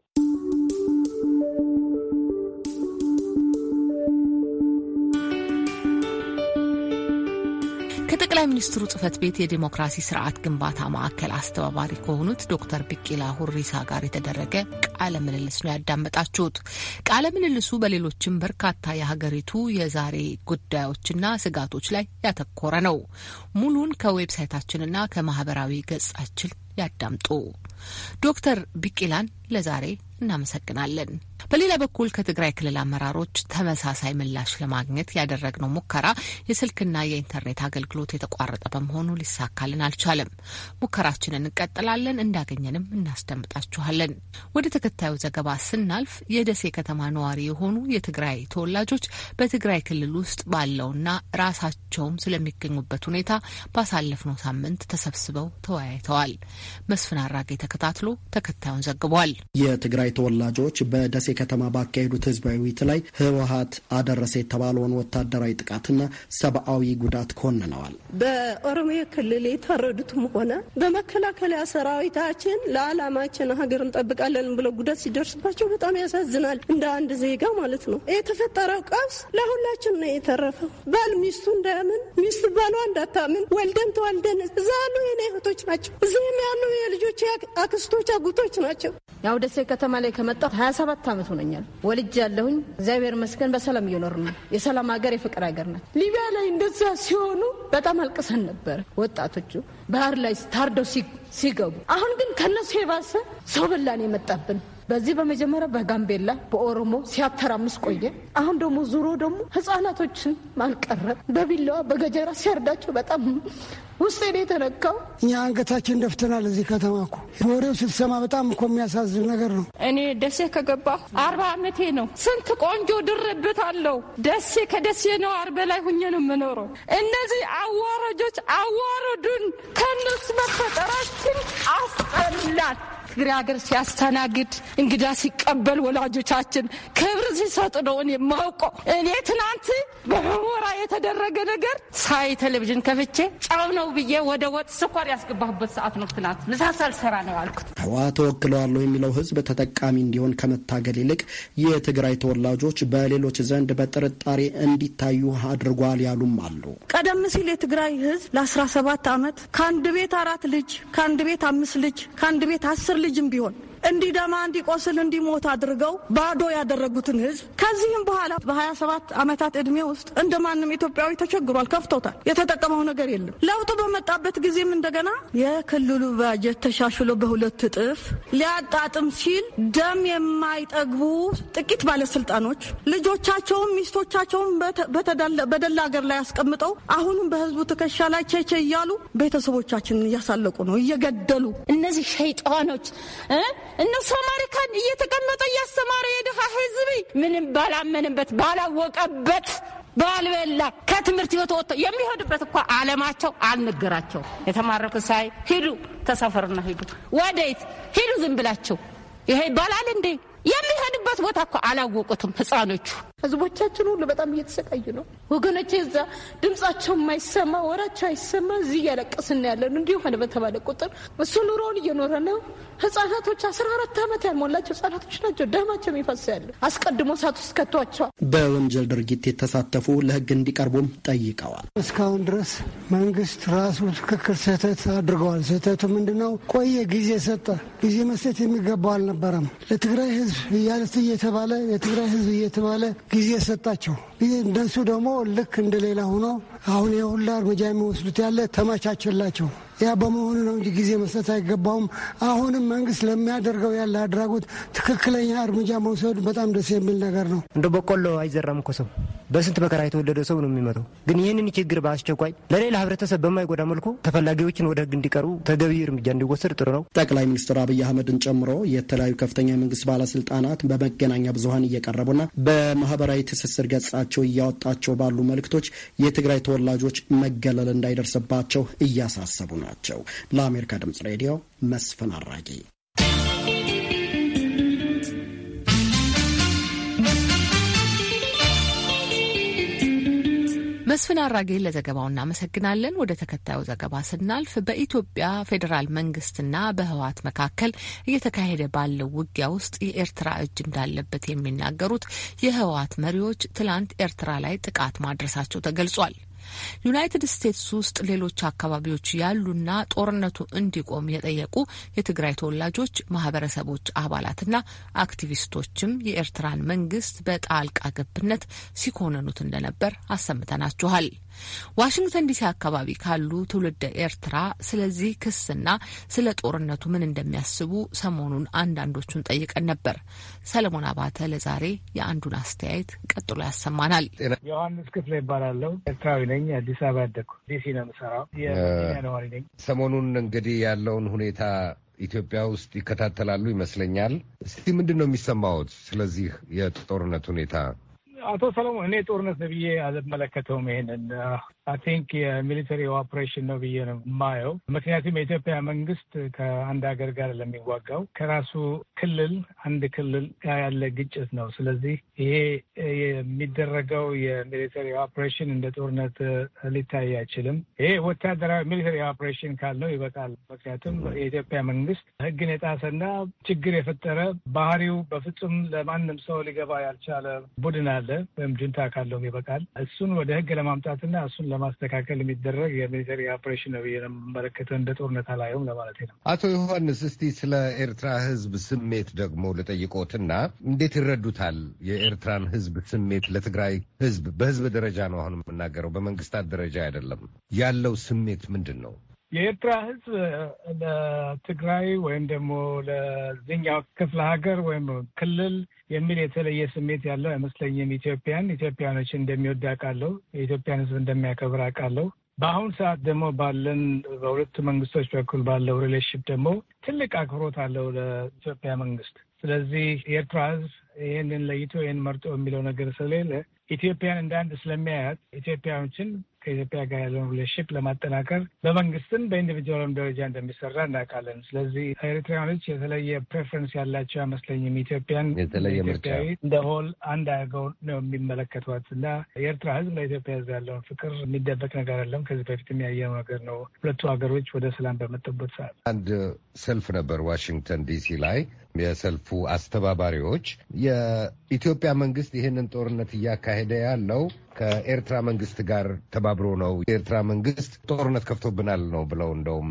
ከጠቅላይ ሚኒስትሩ ጽህፈት ቤት የዴሞክራሲ ስርዓት ግንባታ ማዕከል አስተባባሪ ከሆኑት ዶክተር ቢቂላ ሁሪሳ ጋር የተደረገ ቃለ ምልልስ ነው ያዳመጣችሁት። ቃለ ምልልሱ በሌሎችም በርካታ የሀገሪቱ የዛሬ ጉዳዮችና ስጋቶች ላይ ያተኮረ ነው። ሙሉን ከዌብሳይታችንና ከማህበራዊ ገጻችን ያዳምጡ። ዶክተር ቢቂላን ለዛሬ እናመሰግናለን። በሌላ በኩል ከትግራይ ክልል አመራሮች ተመሳሳይ ምላሽ ለማግኘት ያደረግነው ሙከራ የስልክና የኢንተርኔት አገልግሎት የተቋረጠ በመሆኑ ሊሳካልን አልቻለም። ሙከራችንን እንቀጥላለን፣ እንዳገኘንም እናስደምጣችኋለን። ወደ ተከታዩ ዘገባ ስናልፍ የደሴ ከተማ ነዋሪ የሆኑ የትግራይ ተወላጆች በትግራይ ክልል ውስጥ ባለውና ራሳቸውም ስለሚገኙበት ሁኔታ ባሳለፍነው ሳምንት ተሰብስበው ተወያይተዋል። መስፍን አራጌ ተከታትሎ ተከታዩን ዘግቧል። የትግራይ ተወላጆች በደሴ ከተማ ባካሄዱት ህዝባዊ ውይይት ላይ ህወሀት አደረሰ የተባለውን ወታደራዊ ጥቃትና ሰብአዊ ጉዳት ኮንነዋል። በኦሮሚያ ክልል የታረዱትም ሆነ በመከላከያ ሰራዊታችን ለዓላማችን ሀገር እንጠብቃለን ብሎ ጉዳት ሲደርስባቸው በጣም ያሳዝናል። እንደ አንድ ዜጋ ማለት ነው። የተፈጠረው ቀውስ ለሁላችን ነው የተረፈው። ባል ሚስቱ እንዳያምን፣ ሚስቱ ባሏ እንዳታምን፣ ወልደን ተዋልደን እዛ ያሉ የኔ እህቶች ናቸው። እዚህም ያሉ የልጆች አክስቶች፣ አጉቶች ናቸው። ያው ደሴ ከተማ ላይ ከመጣ 27 ዓመት ሆነኛል። ወልጅ ያለሁኝ እግዚአብሔር ይመስገን በሰላም እየኖር ነው። የሰላም ሀገር የፍቅር ሀገር ናት። ሊቢያ ላይ እንደዛ ሲሆኑ በጣም አልቅሰን ነበር። ወጣቶቹ ባህር ላይ ታርደው ሲገቡ፣ አሁን ግን ከነሱ የባሰ ሰው በላን የመጣብን በዚህ በመጀመሪያ በጋምቤላ በኦሮሞ ሲያተራምስ ቆየ። አሁን ደግሞ ዙሮ ደግሞ ህጻናቶችን ማልቀረብ በቢላዋ በገጀራ ሲያርዳቸው በጣም ውስጤን የተነካው እኛ አንገታችን ደፍተናል። እዚህ ከተማ እኮ በወሬው ስትሰማ በጣም እኮ የሚያሳዝን ነገር ነው። እኔ ደሴ ከገባሁ አርባ ዓመቴ ነው። ስንት ቆንጆ ድርብት አለው ደሴ። ከደሴ ነው አርበ ላይ ሁኜ ነው የምኖረው። እነዚህ አዋረጆች አዋረዱን። ከእነሱ መፈጠራችን አስጠላል። ትግራይ ሀገር ሲያስተናግድ እንግዳ ሲቀበል ወላጆቻችን ክብር ሲሰጡ ነው እኔ የማውቀው። እኔ ትናንት በህሞራ የተደረገ ነገር ሳይ ቴሌቪዥን ከፍቼ ጫው ነው ብዬ ወደ ወጥ ስኳር ያስገባሁበት ሰዓት ነው። ትናንት ምሳሳል ስራ ነው አልኩት። ህወሓት ተወክለዋለሁ የሚለው ህዝብ ተጠቃሚ እንዲሆን ከመታገል ይልቅ የትግራይ ተወላጆች በሌሎች ዘንድ በጥርጣሬ እንዲታዩ አድርጓል ያሉም አሉ። ቀደም ሲል የትግራይ ህዝብ ለ17 ዓመት ከአንድ ቤት አራት ልጅ ከአንድ ቤት አምስት ልጅ ከአንድ ቤት አስር ልጅም ቢሆን እንዲደማ፣ እንዲቆስል፣ እንዲሞት አድርገው ባዶ ያደረጉትን ህዝብ ከዚህም በኋላ በ27 ዓመታት ዕድሜ ውስጥ እንደ ማንም ኢትዮጵያዊ ተቸግሯል፣ ከፍቶታል። የተጠቀመው ነገር የለም። ለውጡ በመጣበት ጊዜም እንደገና የክልሉ ባጀት ተሻሽሎ በሁለት እጥፍ ሊያጣጥም ሲል ደም የማይጠግቡ ጥቂት ባለስልጣኖች ልጆቻቸውም ሚስቶቻቸውም በደላ ሀገር ላይ አስቀምጠው አሁንም በህዝቡ ትከሻ ላይ ቼቼ እያሉ ቤተሰቦቻችንን እያሳለቁ ነው፣ እየገደሉ እነዚህ ሸይጣኖች እነሱ አሜሪካን እየተቀመጠ እያስተማረ የድሃ ህዝብ ምንም ባላመንበት ባላወቀበት ባልበላ ከትምህርት ህይወት ወጥቶ የሚሄዱበት እኮ አለማቸው አልነገራቸው። የተማረኩ ሳይ ሂዱ ተሰፈርና ሂዱ ወደት ሂዱ ዝም ብላቸው ይሄ ይባላል እንዴ? የሚሄዱበት ቦታ እኮ አላወቁትም ህፃኖቹ ህዝቦቻችን ሁሉ በጣም እየተሰቃዩ ነው ወገኖች። እዛ ድምጻቸው የማይሰማ ወራቸው አይሰማ እዚህ እያለቀስን ያለን እንዲሁ ሆነ በተባለ ቁጥር እሱ ኑሮውን እየኖረ ነው። ህጻናቶች አስራ አራት ዓመት ያልሞላቸው ህጻናቶች ናቸው ደማቸው የሚፈስ ያለ አስቀድሞ እሳት ውስጥ ከቷቸዋል። በወንጀል ድርጊት የተሳተፉ ለህግ እንዲቀርቡም ጠይቀዋል። እስካሁን ድረስ መንግስት ራሱ ትክክል ስህተት አድርገዋል። ስህተቱ ነው? ቆየ ጊዜ ሰጠ። ጊዜ መስጠት የሚገባው አልነበረም። ለትግራይ ህዝብ እያለት እየተባለ የትግራይ ህዝብ እየተባለ ጊዜ ሰጣቸው። እነሱ ደግሞ ልክ እንደሌላ ሆኖ አሁን የሁላ እርምጃ የሚወስዱት ያለ ተመቻቸላቸው። ያ በመሆኑ ነው እንጂ ጊዜ መስጠት አይገባውም። አሁንም መንግስት ለሚያደርገው ያለ አድራጎት ትክክለኛ እርምጃ መውሰዱ በጣም ደስ የሚል ነገር ነው። እንደ በቆሎ አይዘራም እኮ ሰው በስንት መከራ የተወለደ ሰው ነው የሚመጣው። ግን ይህንን ችግር በአስቸኳይ ለሌላ ህብረተሰብ በማይጎዳ መልኩ ተፈላጊዎችን ወደ ህግ እንዲቀርቡ ተገቢ እርምጃ እንዲወሰድ ጥሩ ነው። ጠቅላይ ሚኒስትር አብይ አህመድን ጨምሮ የተለያዩ ከፍተኛ የመንግስት ባለስልጣናት በመገናኛ ብዙሀን እየቀረቡና በማህበራዊ ትስስር ገጻቸው እያወጣቸው ባሉ መልክቶች የትግራይ ተወላጆች መገለል እንዳይደርስባቸው እያሳሰቡ ነው። ናቸው። ለአሜሪካ ድምጽ ሬዲዮ መስፍን አራጌ። መስፍን አራጌ ለዘገባው እናመሰግናለን። ወደ ተከታዩ ዘገባ ስናልፍ በኢትዮጵያ ፌዴራል መንግስትና በህወሓት መካከል እየተካሄደ ባለው ውጊያ ውስጥ የኤርትራ እጅ እንዳለበት የሚናገሩት የህወሓት መሪዎች ትላንት ኤርትራ ላይ ጥቃት ማድረሳቸው ተገልጿል። ዩናይትድ ስቴትስ ውስጥ ሌሎች አካባቢዎች ያሉና ጦርነቱ እንዲቆም የጠየቁ የትግራይ ተወላጆች ማህበረሰቦች አባላትና አክቲቪስቶችም የኤርትራን መንግስት በጣልቃ ገብነት ሲኮነኑት እንደነበር አሰምተናችኋል። ዋሽንግተን ዲሲ አካባቢ ካሉ ትውልደ ኤርትራ ስለዚህ ክስና ስለ ጦርነቱ ምን እንደሚያስቡ ሰሞኑን አንዳንዶቹን ጠይቀን ነበር። ሰለሞን አባተ ለዛሬ የአንዱን አስተያየት ቀጥሎ ያሰማናል። ዮሐንስ ክፍለ ይባላለሁ። ኤርትራዊ ነኝ። አዲስ አበባ ያደግኩ ዲሲ ነው የምሰራው። ነዋሪ ነኝ። ሰሞኑን እንግዲህ ያለውን ሁኔታ ኢትዮጵያ ውስጥ ይከታተላሉ ይመስለኛል። እስቲ ምንድን ነው የሚሰማዎት ስለዚህ የጦርነት ሁኔታ አቶ ሰለሞን፣ እኔ ጦርነት ነው ብዬ አልመለከተውም። ይሄንን አይ ቲንክ የሚሊተሪ ኦፕሬሽን ነው ብዬ ነው የማየው። ምክንያቱም የኢትዮጵያ መንግስት ከአንድ ሀገር ጋር ለሚዋጋው ከራሱ ክልል አንድ ክልል ጋር ያለ ግጭት ነው። ስለዚህ ይሄ የሚደረገው የሚሊተሪ ኦፕሬሽን እንደ ጦርነት ሊታይ አይችልም። ይሄ ወታደራዊ ሚሊተሪ ኦፕሬሽን ካልነው ይበቃል። ምክንያቱም የኢትዮጵያ መንግስት ህግን የጣሰና ችግር የፈጠረ ባህሪው በፍጹም ለማንም ሰው ሊገባ ያልቻለ ቡድን አለ፣ ወይም ጁንታ ካለውም ይበቃል። እሱን ወደ ህግ ለማምጣትና እሱን ለማስተካከል የሚደረግ የሚሊተሪ ኦፕሬሽን ነው የመለከተ እንደ ጦርነት አላየውም ለማለት ነው። አቶ ዮሐንስ እስቲ ስለ ኤርትራ ህዝብ ስሜት ደግሞ ልጠይቆትና እንዴት ይረዱታል የኤርትራን ህዝብ ስሜት ለትግራይ ህዝብ በህዝብ ደረጃ ነው አሁን የምናገረው፣ በመንግስታት ደረጃ አይደለም። ያለው ስሜት ምንድን ነው? የኤርትራ ህዝብ ለትግራይ ወይም ደግሞ ለዚኛው ክፍለ ሀገር ወይም ክልል የሚል የተለየ ስሜት ያለው አይመስለኝም። ኢትዮጵያን ኢትዮጵያኖች እንደሚወድ አውቃለሁ። የኢትዮጵያን ህዝብ እንደሚያከብር አውቃለሁ። በአሁን ሰዓት ደግሞ ባለን በሁለቱ መንግስቶች በኩል ባለው ሪሌሽንሽፕ ደግሞ ትልቅ አክብሮት አለው ለኢትዮጵያ መንግስት። ስለዚህ የኤርትራ ህዝብ ይህንን ለይቶ ይህን መርጦ የሚለው ነገር ስለሌለ ኢትዮጵያን እንደ አንድ ስለሚያያት ኢትዮጵያኖችን ከኢትዮጵያ ጋር ያለውን ሪሌሽንሽፕ ለማጠናከር በመንግስትም በኢንዲቪጁዋልም ደረጃ እንደሚሰራ እናውቃለን። ስለዚህ ኤሪትሪያኖች የተለየ ፕሬፈረንስ ያላቸው አይመስለኝም። ኢትዮጵያን ኢትዮጵያዊ እንደ ሆል አንድ አድርገው ነው የሚመለከቷት እና የኤርትራ ህዝብ ለኢትዮጵያ ህዝብ ያለውን ፍቅር የሚደበቅ ነገር አለም። ከዚህ በፊት የሚያየው ነገር ነው። ሁለቱ ሀገሮች ወደ ሰላም በመጡበት ሰዓት አንድ ሰልፍ ነበር ዋሽንግተን ዲሲ ላይ የሰልፉ አስተባባሪዎች የኢትዮጵያ መንግስት ይህንን ጦርነት እያካሄደ ያለው ከኤርትራ መንግስት ጋር ተባብሮ ነው፣ የኤርትራ መንግስት ጦርነት ከፍቶብናል ነው ብለው እንደውም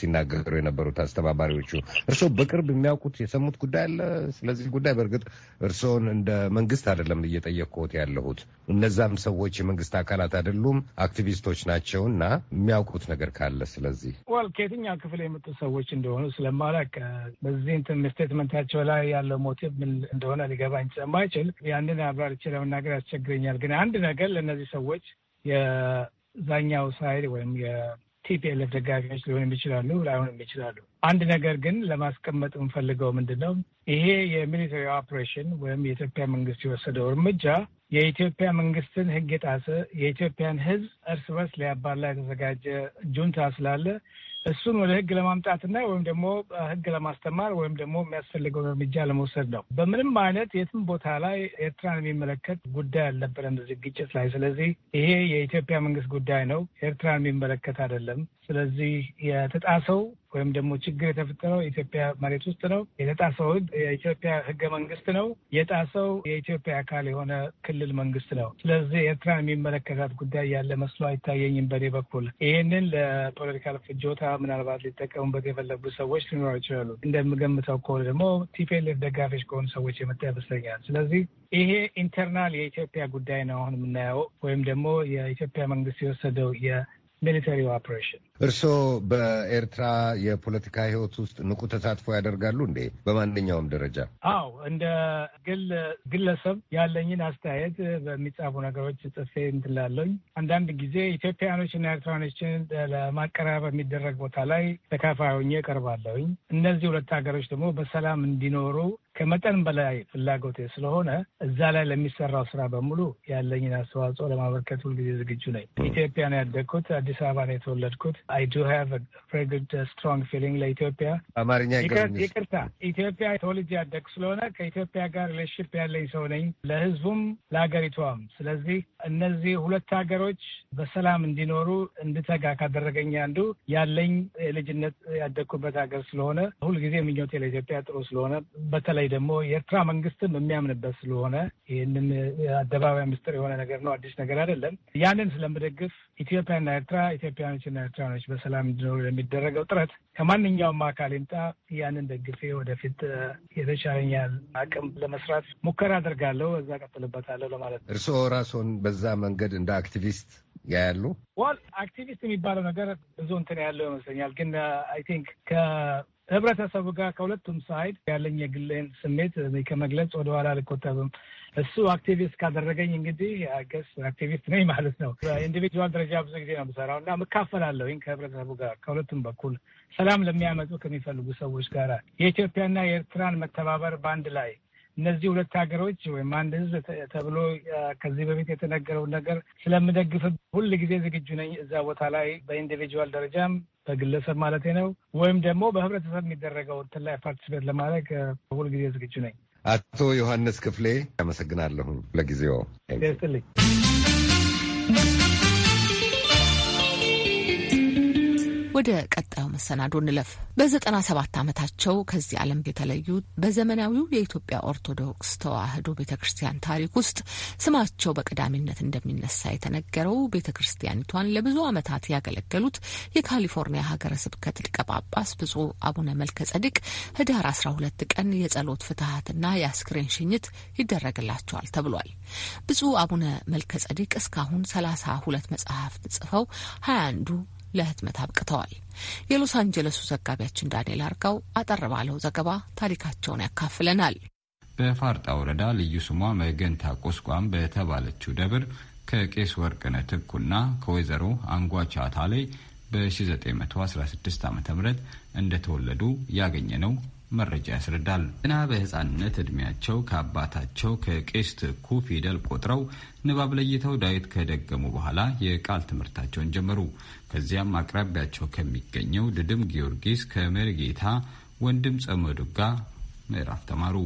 ሲናገሩ የነበሩት አስተባባሪዎቹ። እርስዎ በቅርብ የሚያውቁት የሰሙት ጉዳይ አለ? ስለዚህ ጉዳይ በእርግጥ እርስዎን እንደ መንግስት አይደለም እየጠየቅኩት ያለሁት፣ እነዛም ሰዎች የመንግስት አካላት አይደሉም፣ አክቲቪስቶች ናቸው እና የሚያውቁት ነገር ካለ ስለዚህ ወል ከየትኛው ክፍል የመጡት ሰዎች እንደሆኑ ስለማላውቅ በዚህ እንትን ስቴት ስቴትመንታቸው ላይ ያለው ሞቲቭ ምን እንደሆነ ሊገባኝ ስለማይችል ያንን አብራርቼ ለመናገር ያስቸግረኛል። ግን አንድ ነገር ለእነዚህ ሰዎች የዛኛው ሳይድ ወይም የቲፒኤልኤፍ ደጋፊዎች ሊሆን የሚችላሉ ላይሆን የሚችላሉ፣ አንድ ነገር ግን ለማስቀመጥ የምፈልገው ምንድን ነው ይሄ የሚሊታሪ ኦፕሬሽን ወይም የኢትዮጵያ መንግስት የወሰደው እርምጃ የኢትዮጵያ መንግስትን ህግ የጣሰ የኢትዮጵያን ህዝብ እርስ በርስ ሊያባላ የተዘጋጀ ጁንታ ስላለ እሱን ወደ ህግ ለማምጣትና ወይም ደግሞ ህግ ለማስተማር ወይም ደግሞ የሚያስፈልገውን እርምጃ ለመውሰድ ነው። በምንም አይነት የትም ቦታ ላይ ኤርትራን የሚመለከት ጉዳይ አልነበረም እዚህ ግጭት ላይ። ስለዚህ ይሄ የኢትዮጵያ መንግስት ጉዳይ ነው፣ ኤርትራን የሚመለከት አይደለም። ስለዚህ የተጣሰው ወይም ደግሞ ችግር የተፈጠረው የኢትዮጵያ መሬት ውስጥ ነው። የተጣሰው የኢትዮጵያ ህገ መንግስት ነው። የጣሰው የኢትዮጵያ አካል የሆነ ክልል መንግስት ነው። ስለዚህ ኤርትራ የሚመለከታት ጉዳይ ያለ መስሎ አይታየኝም። በእኔ በኩል ይህንን ለፖለቲካል ፍጆታ ምናልባት ሊጠቀሙበት የፈለጉ ሰዎች ሊኖሩ ይችላሉ። እንደምገምተው ከሆነ ደግሞ ቲፒኤልኤፍ ደጋፊዎች ከሆኑ ሰዎች የመጣ ይመስለኛል። ስለዚህ ይሄ ኢንተርናል የኢትዮጵያ ጉዳይ ነው አሁን የምናየው ወይም ደግሞ የኢትዮጵያ መንግስት የወሰደው ሚሊተሪ ኦፕሬሽን። እርስዎ በኤርትራ የፖለቲካ ህይወት ውስጥ ንቁ ተሳትፎ ያደርጋሉ እንዴ? በማንኛውም ደረጃ? አዎ፣ እንደ ግል ግለሰብ ያለኝን አስተያየት በሚጻፉ ነገሮች ጽፌ እንትላለኝ። አንዳንድ ጊዜ ኢትዮጵያኖችና ኤርትራኖችን ለማቀራረብ የሚደረግ ቦታ ላይ ተካፋይ ሆኜ እቀርባለሁኝ። እነዚህ ሁለት ሀገሮች ደግሞ በሰላም እንዲኖሩ ከመጠን በላይ ፍላጎቴ ስለሆነ እዛ ላይ ለሚሰራው ስራ በሙሉ ያለኝን አስተዋጽኦ ለማበርከት ሁልጊዜ ዝግጁ ነኝ። ኢትዮጵያን ያደግኩት አዲስ አበባ ነው የተወለድኩት። አይ ዱ ሃቭ ቨሪ ጉድ ስትሮንግ ፊሊንግ ለኢትዮጵያ። አማርኛ ይቅርታ፣ ኢትዮጵያ ተወልጄ ያደግኩ ስለሆነ ከኢትዮጵያ ጋር ሪሌሽንሽፕ ያለኝ ሰው ነኝ፣ ለህዝቡም ለሀገሪቷም። ስለዚህ እነዚህ ሁለት ሀገሮች በሰላም እንዲኖሩ እንድተጋ ካደረገኝ አንዱ ያለኝ የልጅነት ያደግኩበት ሀገር ስለሆነ ሁልጊዜ ምኞቴ ለኢትዮጵያ ጥሩ ስለሆነ በተለይ በተለይ ደግሞ የኤርትራ መንግስትም የሚያምንበት ስለሆነ ይህንን አደባባይ ምስጢር የሆነ ነገር ነው፣ አዲስ ነገር አይደለም። ያንን ስለምደግፍ ኢትዮጵያና ኤርትራ፣ ኢትዮጵያኖችና ኤርትራኖች በሰላም እንዲኖሩ የሚደረገው ጥረት ከማንኛውም አካል ይምጣ፣ ያንን ደግፌ ወደፊት የተቻለኛል አቅም ለመስራት ሙከራ አደርጋለሁ። እዛ ቀጥልበታለሁ ለማለት ነው። እርስዎ ራስዎን በዛ መንገድ እንደ አክቲቪስት ያያሉ? ዋል አክቲቪስት የሚባለው ነገር ብዙ እንትን ያለው ይመስለኛል። ግን አይ ቲንክ ህብረተሰቡ ጋር ከሁለቱም ሳይድ ያለኝ የግሌን ስሜት ከመግለጽ ወደኋላ አልቆጠብም። እሱ አክቲቪስት ካደረገኝ እንግዲህ አገስ አክቲቪስት ነኝ ማለት ነው። በኢንዲቪጁዋል ደረጃ ብዙ ጊዜ ነው የምሰራው እና የምካፈላለሁኝ ከህብረተሰቡ ጋር ከሁለቱም በኩል ሰላም ለሚያመጡ ከሚፈልጉ ሰዎች ጋር የኢትዮጵያና የኤርትራን መተባበር በአንድ ላይ እነዚህ ሁለት ሀገሮች ወይም አንድ ህዝብ ተብሎ ከዚህ በፊት የተነገረውን ነገር ስለምደግፍ ሁል ጊዜ ዝግጁ ነኝ። እዛ ቦታ ላይ በኢንዲቪጁዋል ደረጃም በግለሰብ ማለት ነው ወይም ደግሞ በህብረተሰብ የሚደረገው እንትን ላይ ፓርቲስፔት ለማድረግ ሁል ጊዜ ዝግጁ ነኝ። አቶ ዮሐንስ ክፍሌ አመሰግናለሁ። ለጊዜው ስጥልኝ። ወደ ቀጣዩ መሰናዶ እንለፍ። በዘጠና ሰባት ዓመታቸው ከዚህ ዓለም የተለዩ በዘመናዊው የኢትዮጵያ ኦርቶዶክስ ተዋሕዶ ቤተ ክርስቲያን ታሪክ ውስጥ ስማቸው በቀዳሚነት እንደሚነሳ የተነገረው ቤተ ክርስቲያኒቷን ለብዙ ዓመታት ያገለገሉት የካሊፎርኒያ ሀገረ ስብከት ሊቀ ጳጳስ ብፁዕ አቡነ መልከ ጸድቅ ህዳር 12 ቀን የጸሎት ፍትሀትና የአስክሬን ሽኝት ይደረግላቸዋል ተብሏል። ብፁዕ አቡነ መልከ ጸድቅ እስካሁን ሰላሳ ሁለት መጽሐፍት ጽፈው ሀያ አንዱ ለህትመት አብቅተዋል። የሎስ አንጀለሱ ዘጋቢያችን ዳንኤል አርጋው አጠር ባለው ዘገባ ታሪካቸውን ያካፍለናል። በፋርጣ ወረዳ ልዩ ስሟ መገንታ ቁስቋም በተባለችው ደብር ከቄስ ወርቅነህ ትኩና ከወይዘሮ አንጓቻ ታሌ በ1916 ዓ ም እንደተወለዱ ያገኘ ነው መረጃ ያስረዳል። ገና በህፃንነት እድሜያቸው ከአባታቸው ከቄስ ትኩ ፊደል ቆጥረው ንባብ ለይተው ዳዊት ከደገሙ በኋላ የቃል ትምህርታቸውን ጀመሩ። ከዚያም አቅራቢያቸው ከሚገኘው ድድም ጊዮርጊስ ጌታ ወንድም ጸመዱጋ ምዕራፍ ተማሩ።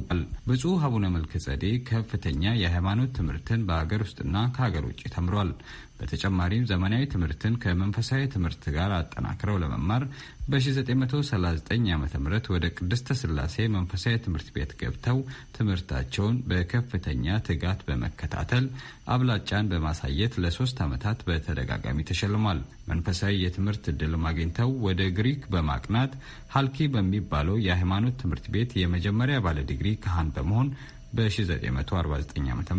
ብፁዕ አቡነ መልከ ጸዴ ከፍተኛ የሃይማኖት ትምህርትን በሀገር ውስጥና ከሀገር ውጭ ተምሯል። በተጨማሪም ዘመናዊ ትምህርትን ከመንፈሳዊ ትምህርት ጋር አጠናክረው ለመማር በ1939 ዓ ም ወደ ቅድስተ ስላሴ መንፈሳዊ ትምህርት ቤት ገብተው ትምህርታቸውን በከፍተኛ ትጋት በመከታተል አብላጫን በማሳየት ለሶስት ዓመታት በተደጋጋሚ ተሸልሟል። መንፈሳዊ የትምህርት ዕድልም አግኝተው ወደ ግሪክ በማቅናት ሀልኪ በሚባለው የሃይማኖት ትምህርት ቤት የመጀመሪያ ባለ ዲግሪ ካህን በመሆን በ1949 ዓ ም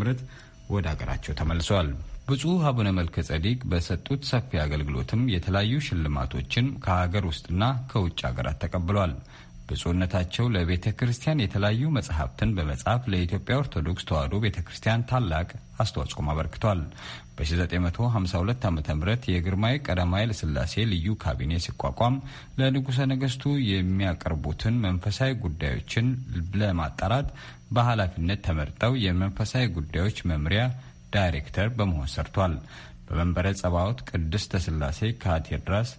ወደ አገራቸው ተመልሰዋል። ብፁዕ አቡነ መልከ ጸዲቅ በሰጡት ሰፊ አገልግሎትም የተለያዩ ሽልማቶችን ከሀገር ውስጥና ከውጭ ሀገራት ተቀብሏል። ብፁዕነታቸው ለቤተ ክርስቲያን የተለያዩ መጽሐፍትን በመጻፍ ለኢትዮጵያ ኦርቶዶክስ ተዋሕዶ ቤተ ክርስቲያን ታላቅ አስተዋጽኦም አበርክቷል። በ1952 ዓ ም የግርማዊ ቀዳማዊ ኃይለሥላሴ ልዩ ካቢኔ ሲቋቋም ለንጉሠ ነገሥቱ የሚያቀርቡትን መንፈሳዊ ጉዳዮችን ለማጣራት በኃላፊነት ተመርጠው የመንፈሳዊ ጉዳዮች መምሪያ ዳይሬክተር በመሆን ሰርቷል። በመንበረ ጸባዖት ቅድስተ ስላሴ ካቴድራስ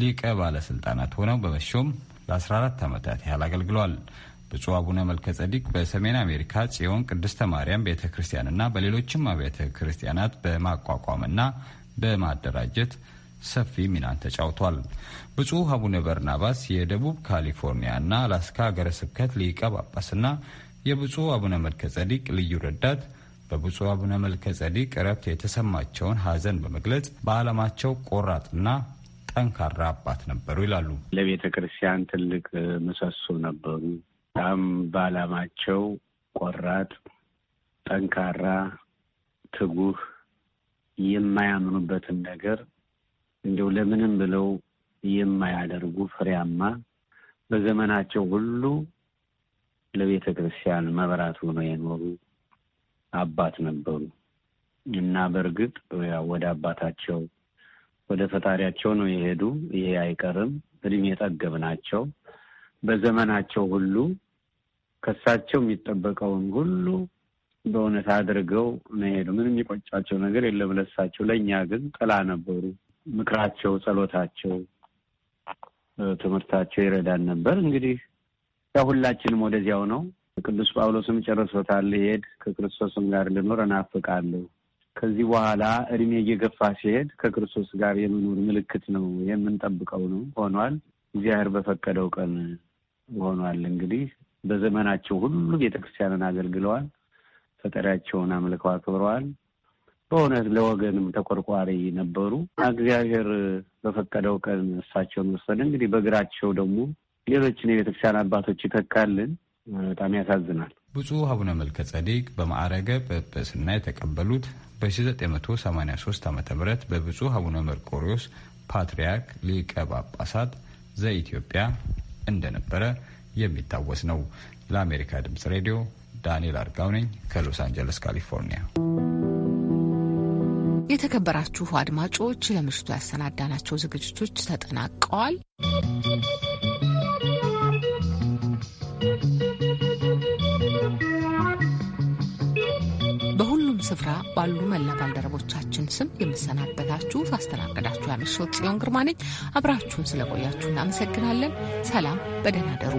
ሊቀ ባለስልጣናት ሆነው በመሾም ለ14 ዓመታት ያህል አገልግሏል። ብፁዕ አቡነ መልከ ጸዲቅ በሰሜን አሜሪካ ጽዮን ቅድስተ ማርያም ቤተ ክርስቲያንና በሌሎችም አብያተ ክርስቲያናት በማቋቋምና በማደራጀት ሰፊ ሚናን ተጫውቷል። ብፁዕ አቡነ በርናባስ የደቡብ ካሊፎርኒያና አላስካ ሀገረ ስብከት ሊቀ ጳጳስና የብፁዕ አቡነ መልከ ጸዲቅ ልዩ ረዳት በብፁዕ አቡነ መልከ ጸዲቅ ረብት የተሰማቸውን ሐዘን በመግለጽ በዓለማቸው ቆራጥና ጠንካራ አባት ነበሩ ይላሉ። ለቤተ ክርስቲያን ትልቅ ምሰሶ ነበሩ። በጣም በዓላማቸው ቆራጥ፣ ጠንካራ፣ ትጉህ የማያምኑበትን ነገር እንዲሁ ለምንም ብለው የማያደርጉ ፍሬያማ በዘመናቸው ሁሉ ለቤተ ክርስቲያን መብራት ሆነው የኖሩ አባት ነበሩ እና በእርግጥ ወደ አባታቸው ወደ ፈጣሪያቸው ነው የሄዱ። ይሄ አይቀርም። እድሜ ጠገብ ናቸው። በዘመናቸው ሁሉ ከሳቸው የሚጠበቀውን ሁሉ በእውነት አድርገው ነው የሄዱ። ምንም የሚቆጫቸው ነገር የለም ለሳቸው። ለእኛ ግን ጥላ ነበሩ። ምክራቸው፣ ጸሎታቸው፣ ትምህርታቸው ይረዳን ነበር። እንግዲህ ያው ሁላችንም ወደዚያው ነው ቅዱስ ጳውሎስም ጨርሶታል። ሄድ ከክርስቶስም ጋር ልኖር እናፍቃለሁ። ከዚህ በኋላ እድሜ እየገፋ ሲሄድ ከክርስቶስ ጋር የመኖር ምልክት ነው የምንጠብቀው ነው ሆኗል። እግዚአብሔር በፈቀደው ቀን ሆኗል። እንግዲህ በዘመናቸው ሁሉ ቤተክርስቲያንን አገልግለዋል። ፈጠሪያቸውን አምልከው አክብረዋል። በእውነት ለወገንም ተቆርቋሪ ነበሩ። እግዚአብሔር በፈቀደው ቀን እሳቸውን ወሰደ። እንግዲህ በእግራቸው ደግሞ ሌሎችን የቤተክርስቲያን አባቶች ይተካልን። በጣም ያሳዝናል። ብፁዕ አቡነ መልከ ጸዴቅ በማዕረገ ጵጵስና የተቀበሉት በ1983 ዓ ም በብፁዕ አቡነ መርቆሪዎስ ፓትርያርክ ሊቀ ጳጳሳት ዘኢትዮጵያ እንደነበረ የሚታወስ ነው። ለአሜሪካ ድምጽ ሬዲዮ ዳንኤል አርጋው ነኝ ከሎስ አንጀለስ ካሊፎርኒያ። የተከበራችሁ አድማጮች ለምሽቱ ያሰናዳናቸው ዝግጅቶች ተጠናቀዋል። ስፍራ ባሉ መላ ባልደረቦቻችን ስም የምሰናበታችሁ ሳስተናግዳችሁ ያመሸው ጽዮን ግርማ ነኝ። አብራችሁን ስለቆያችሁ እናመሰግናለን። ሰላም፣ በደህና ደሩ።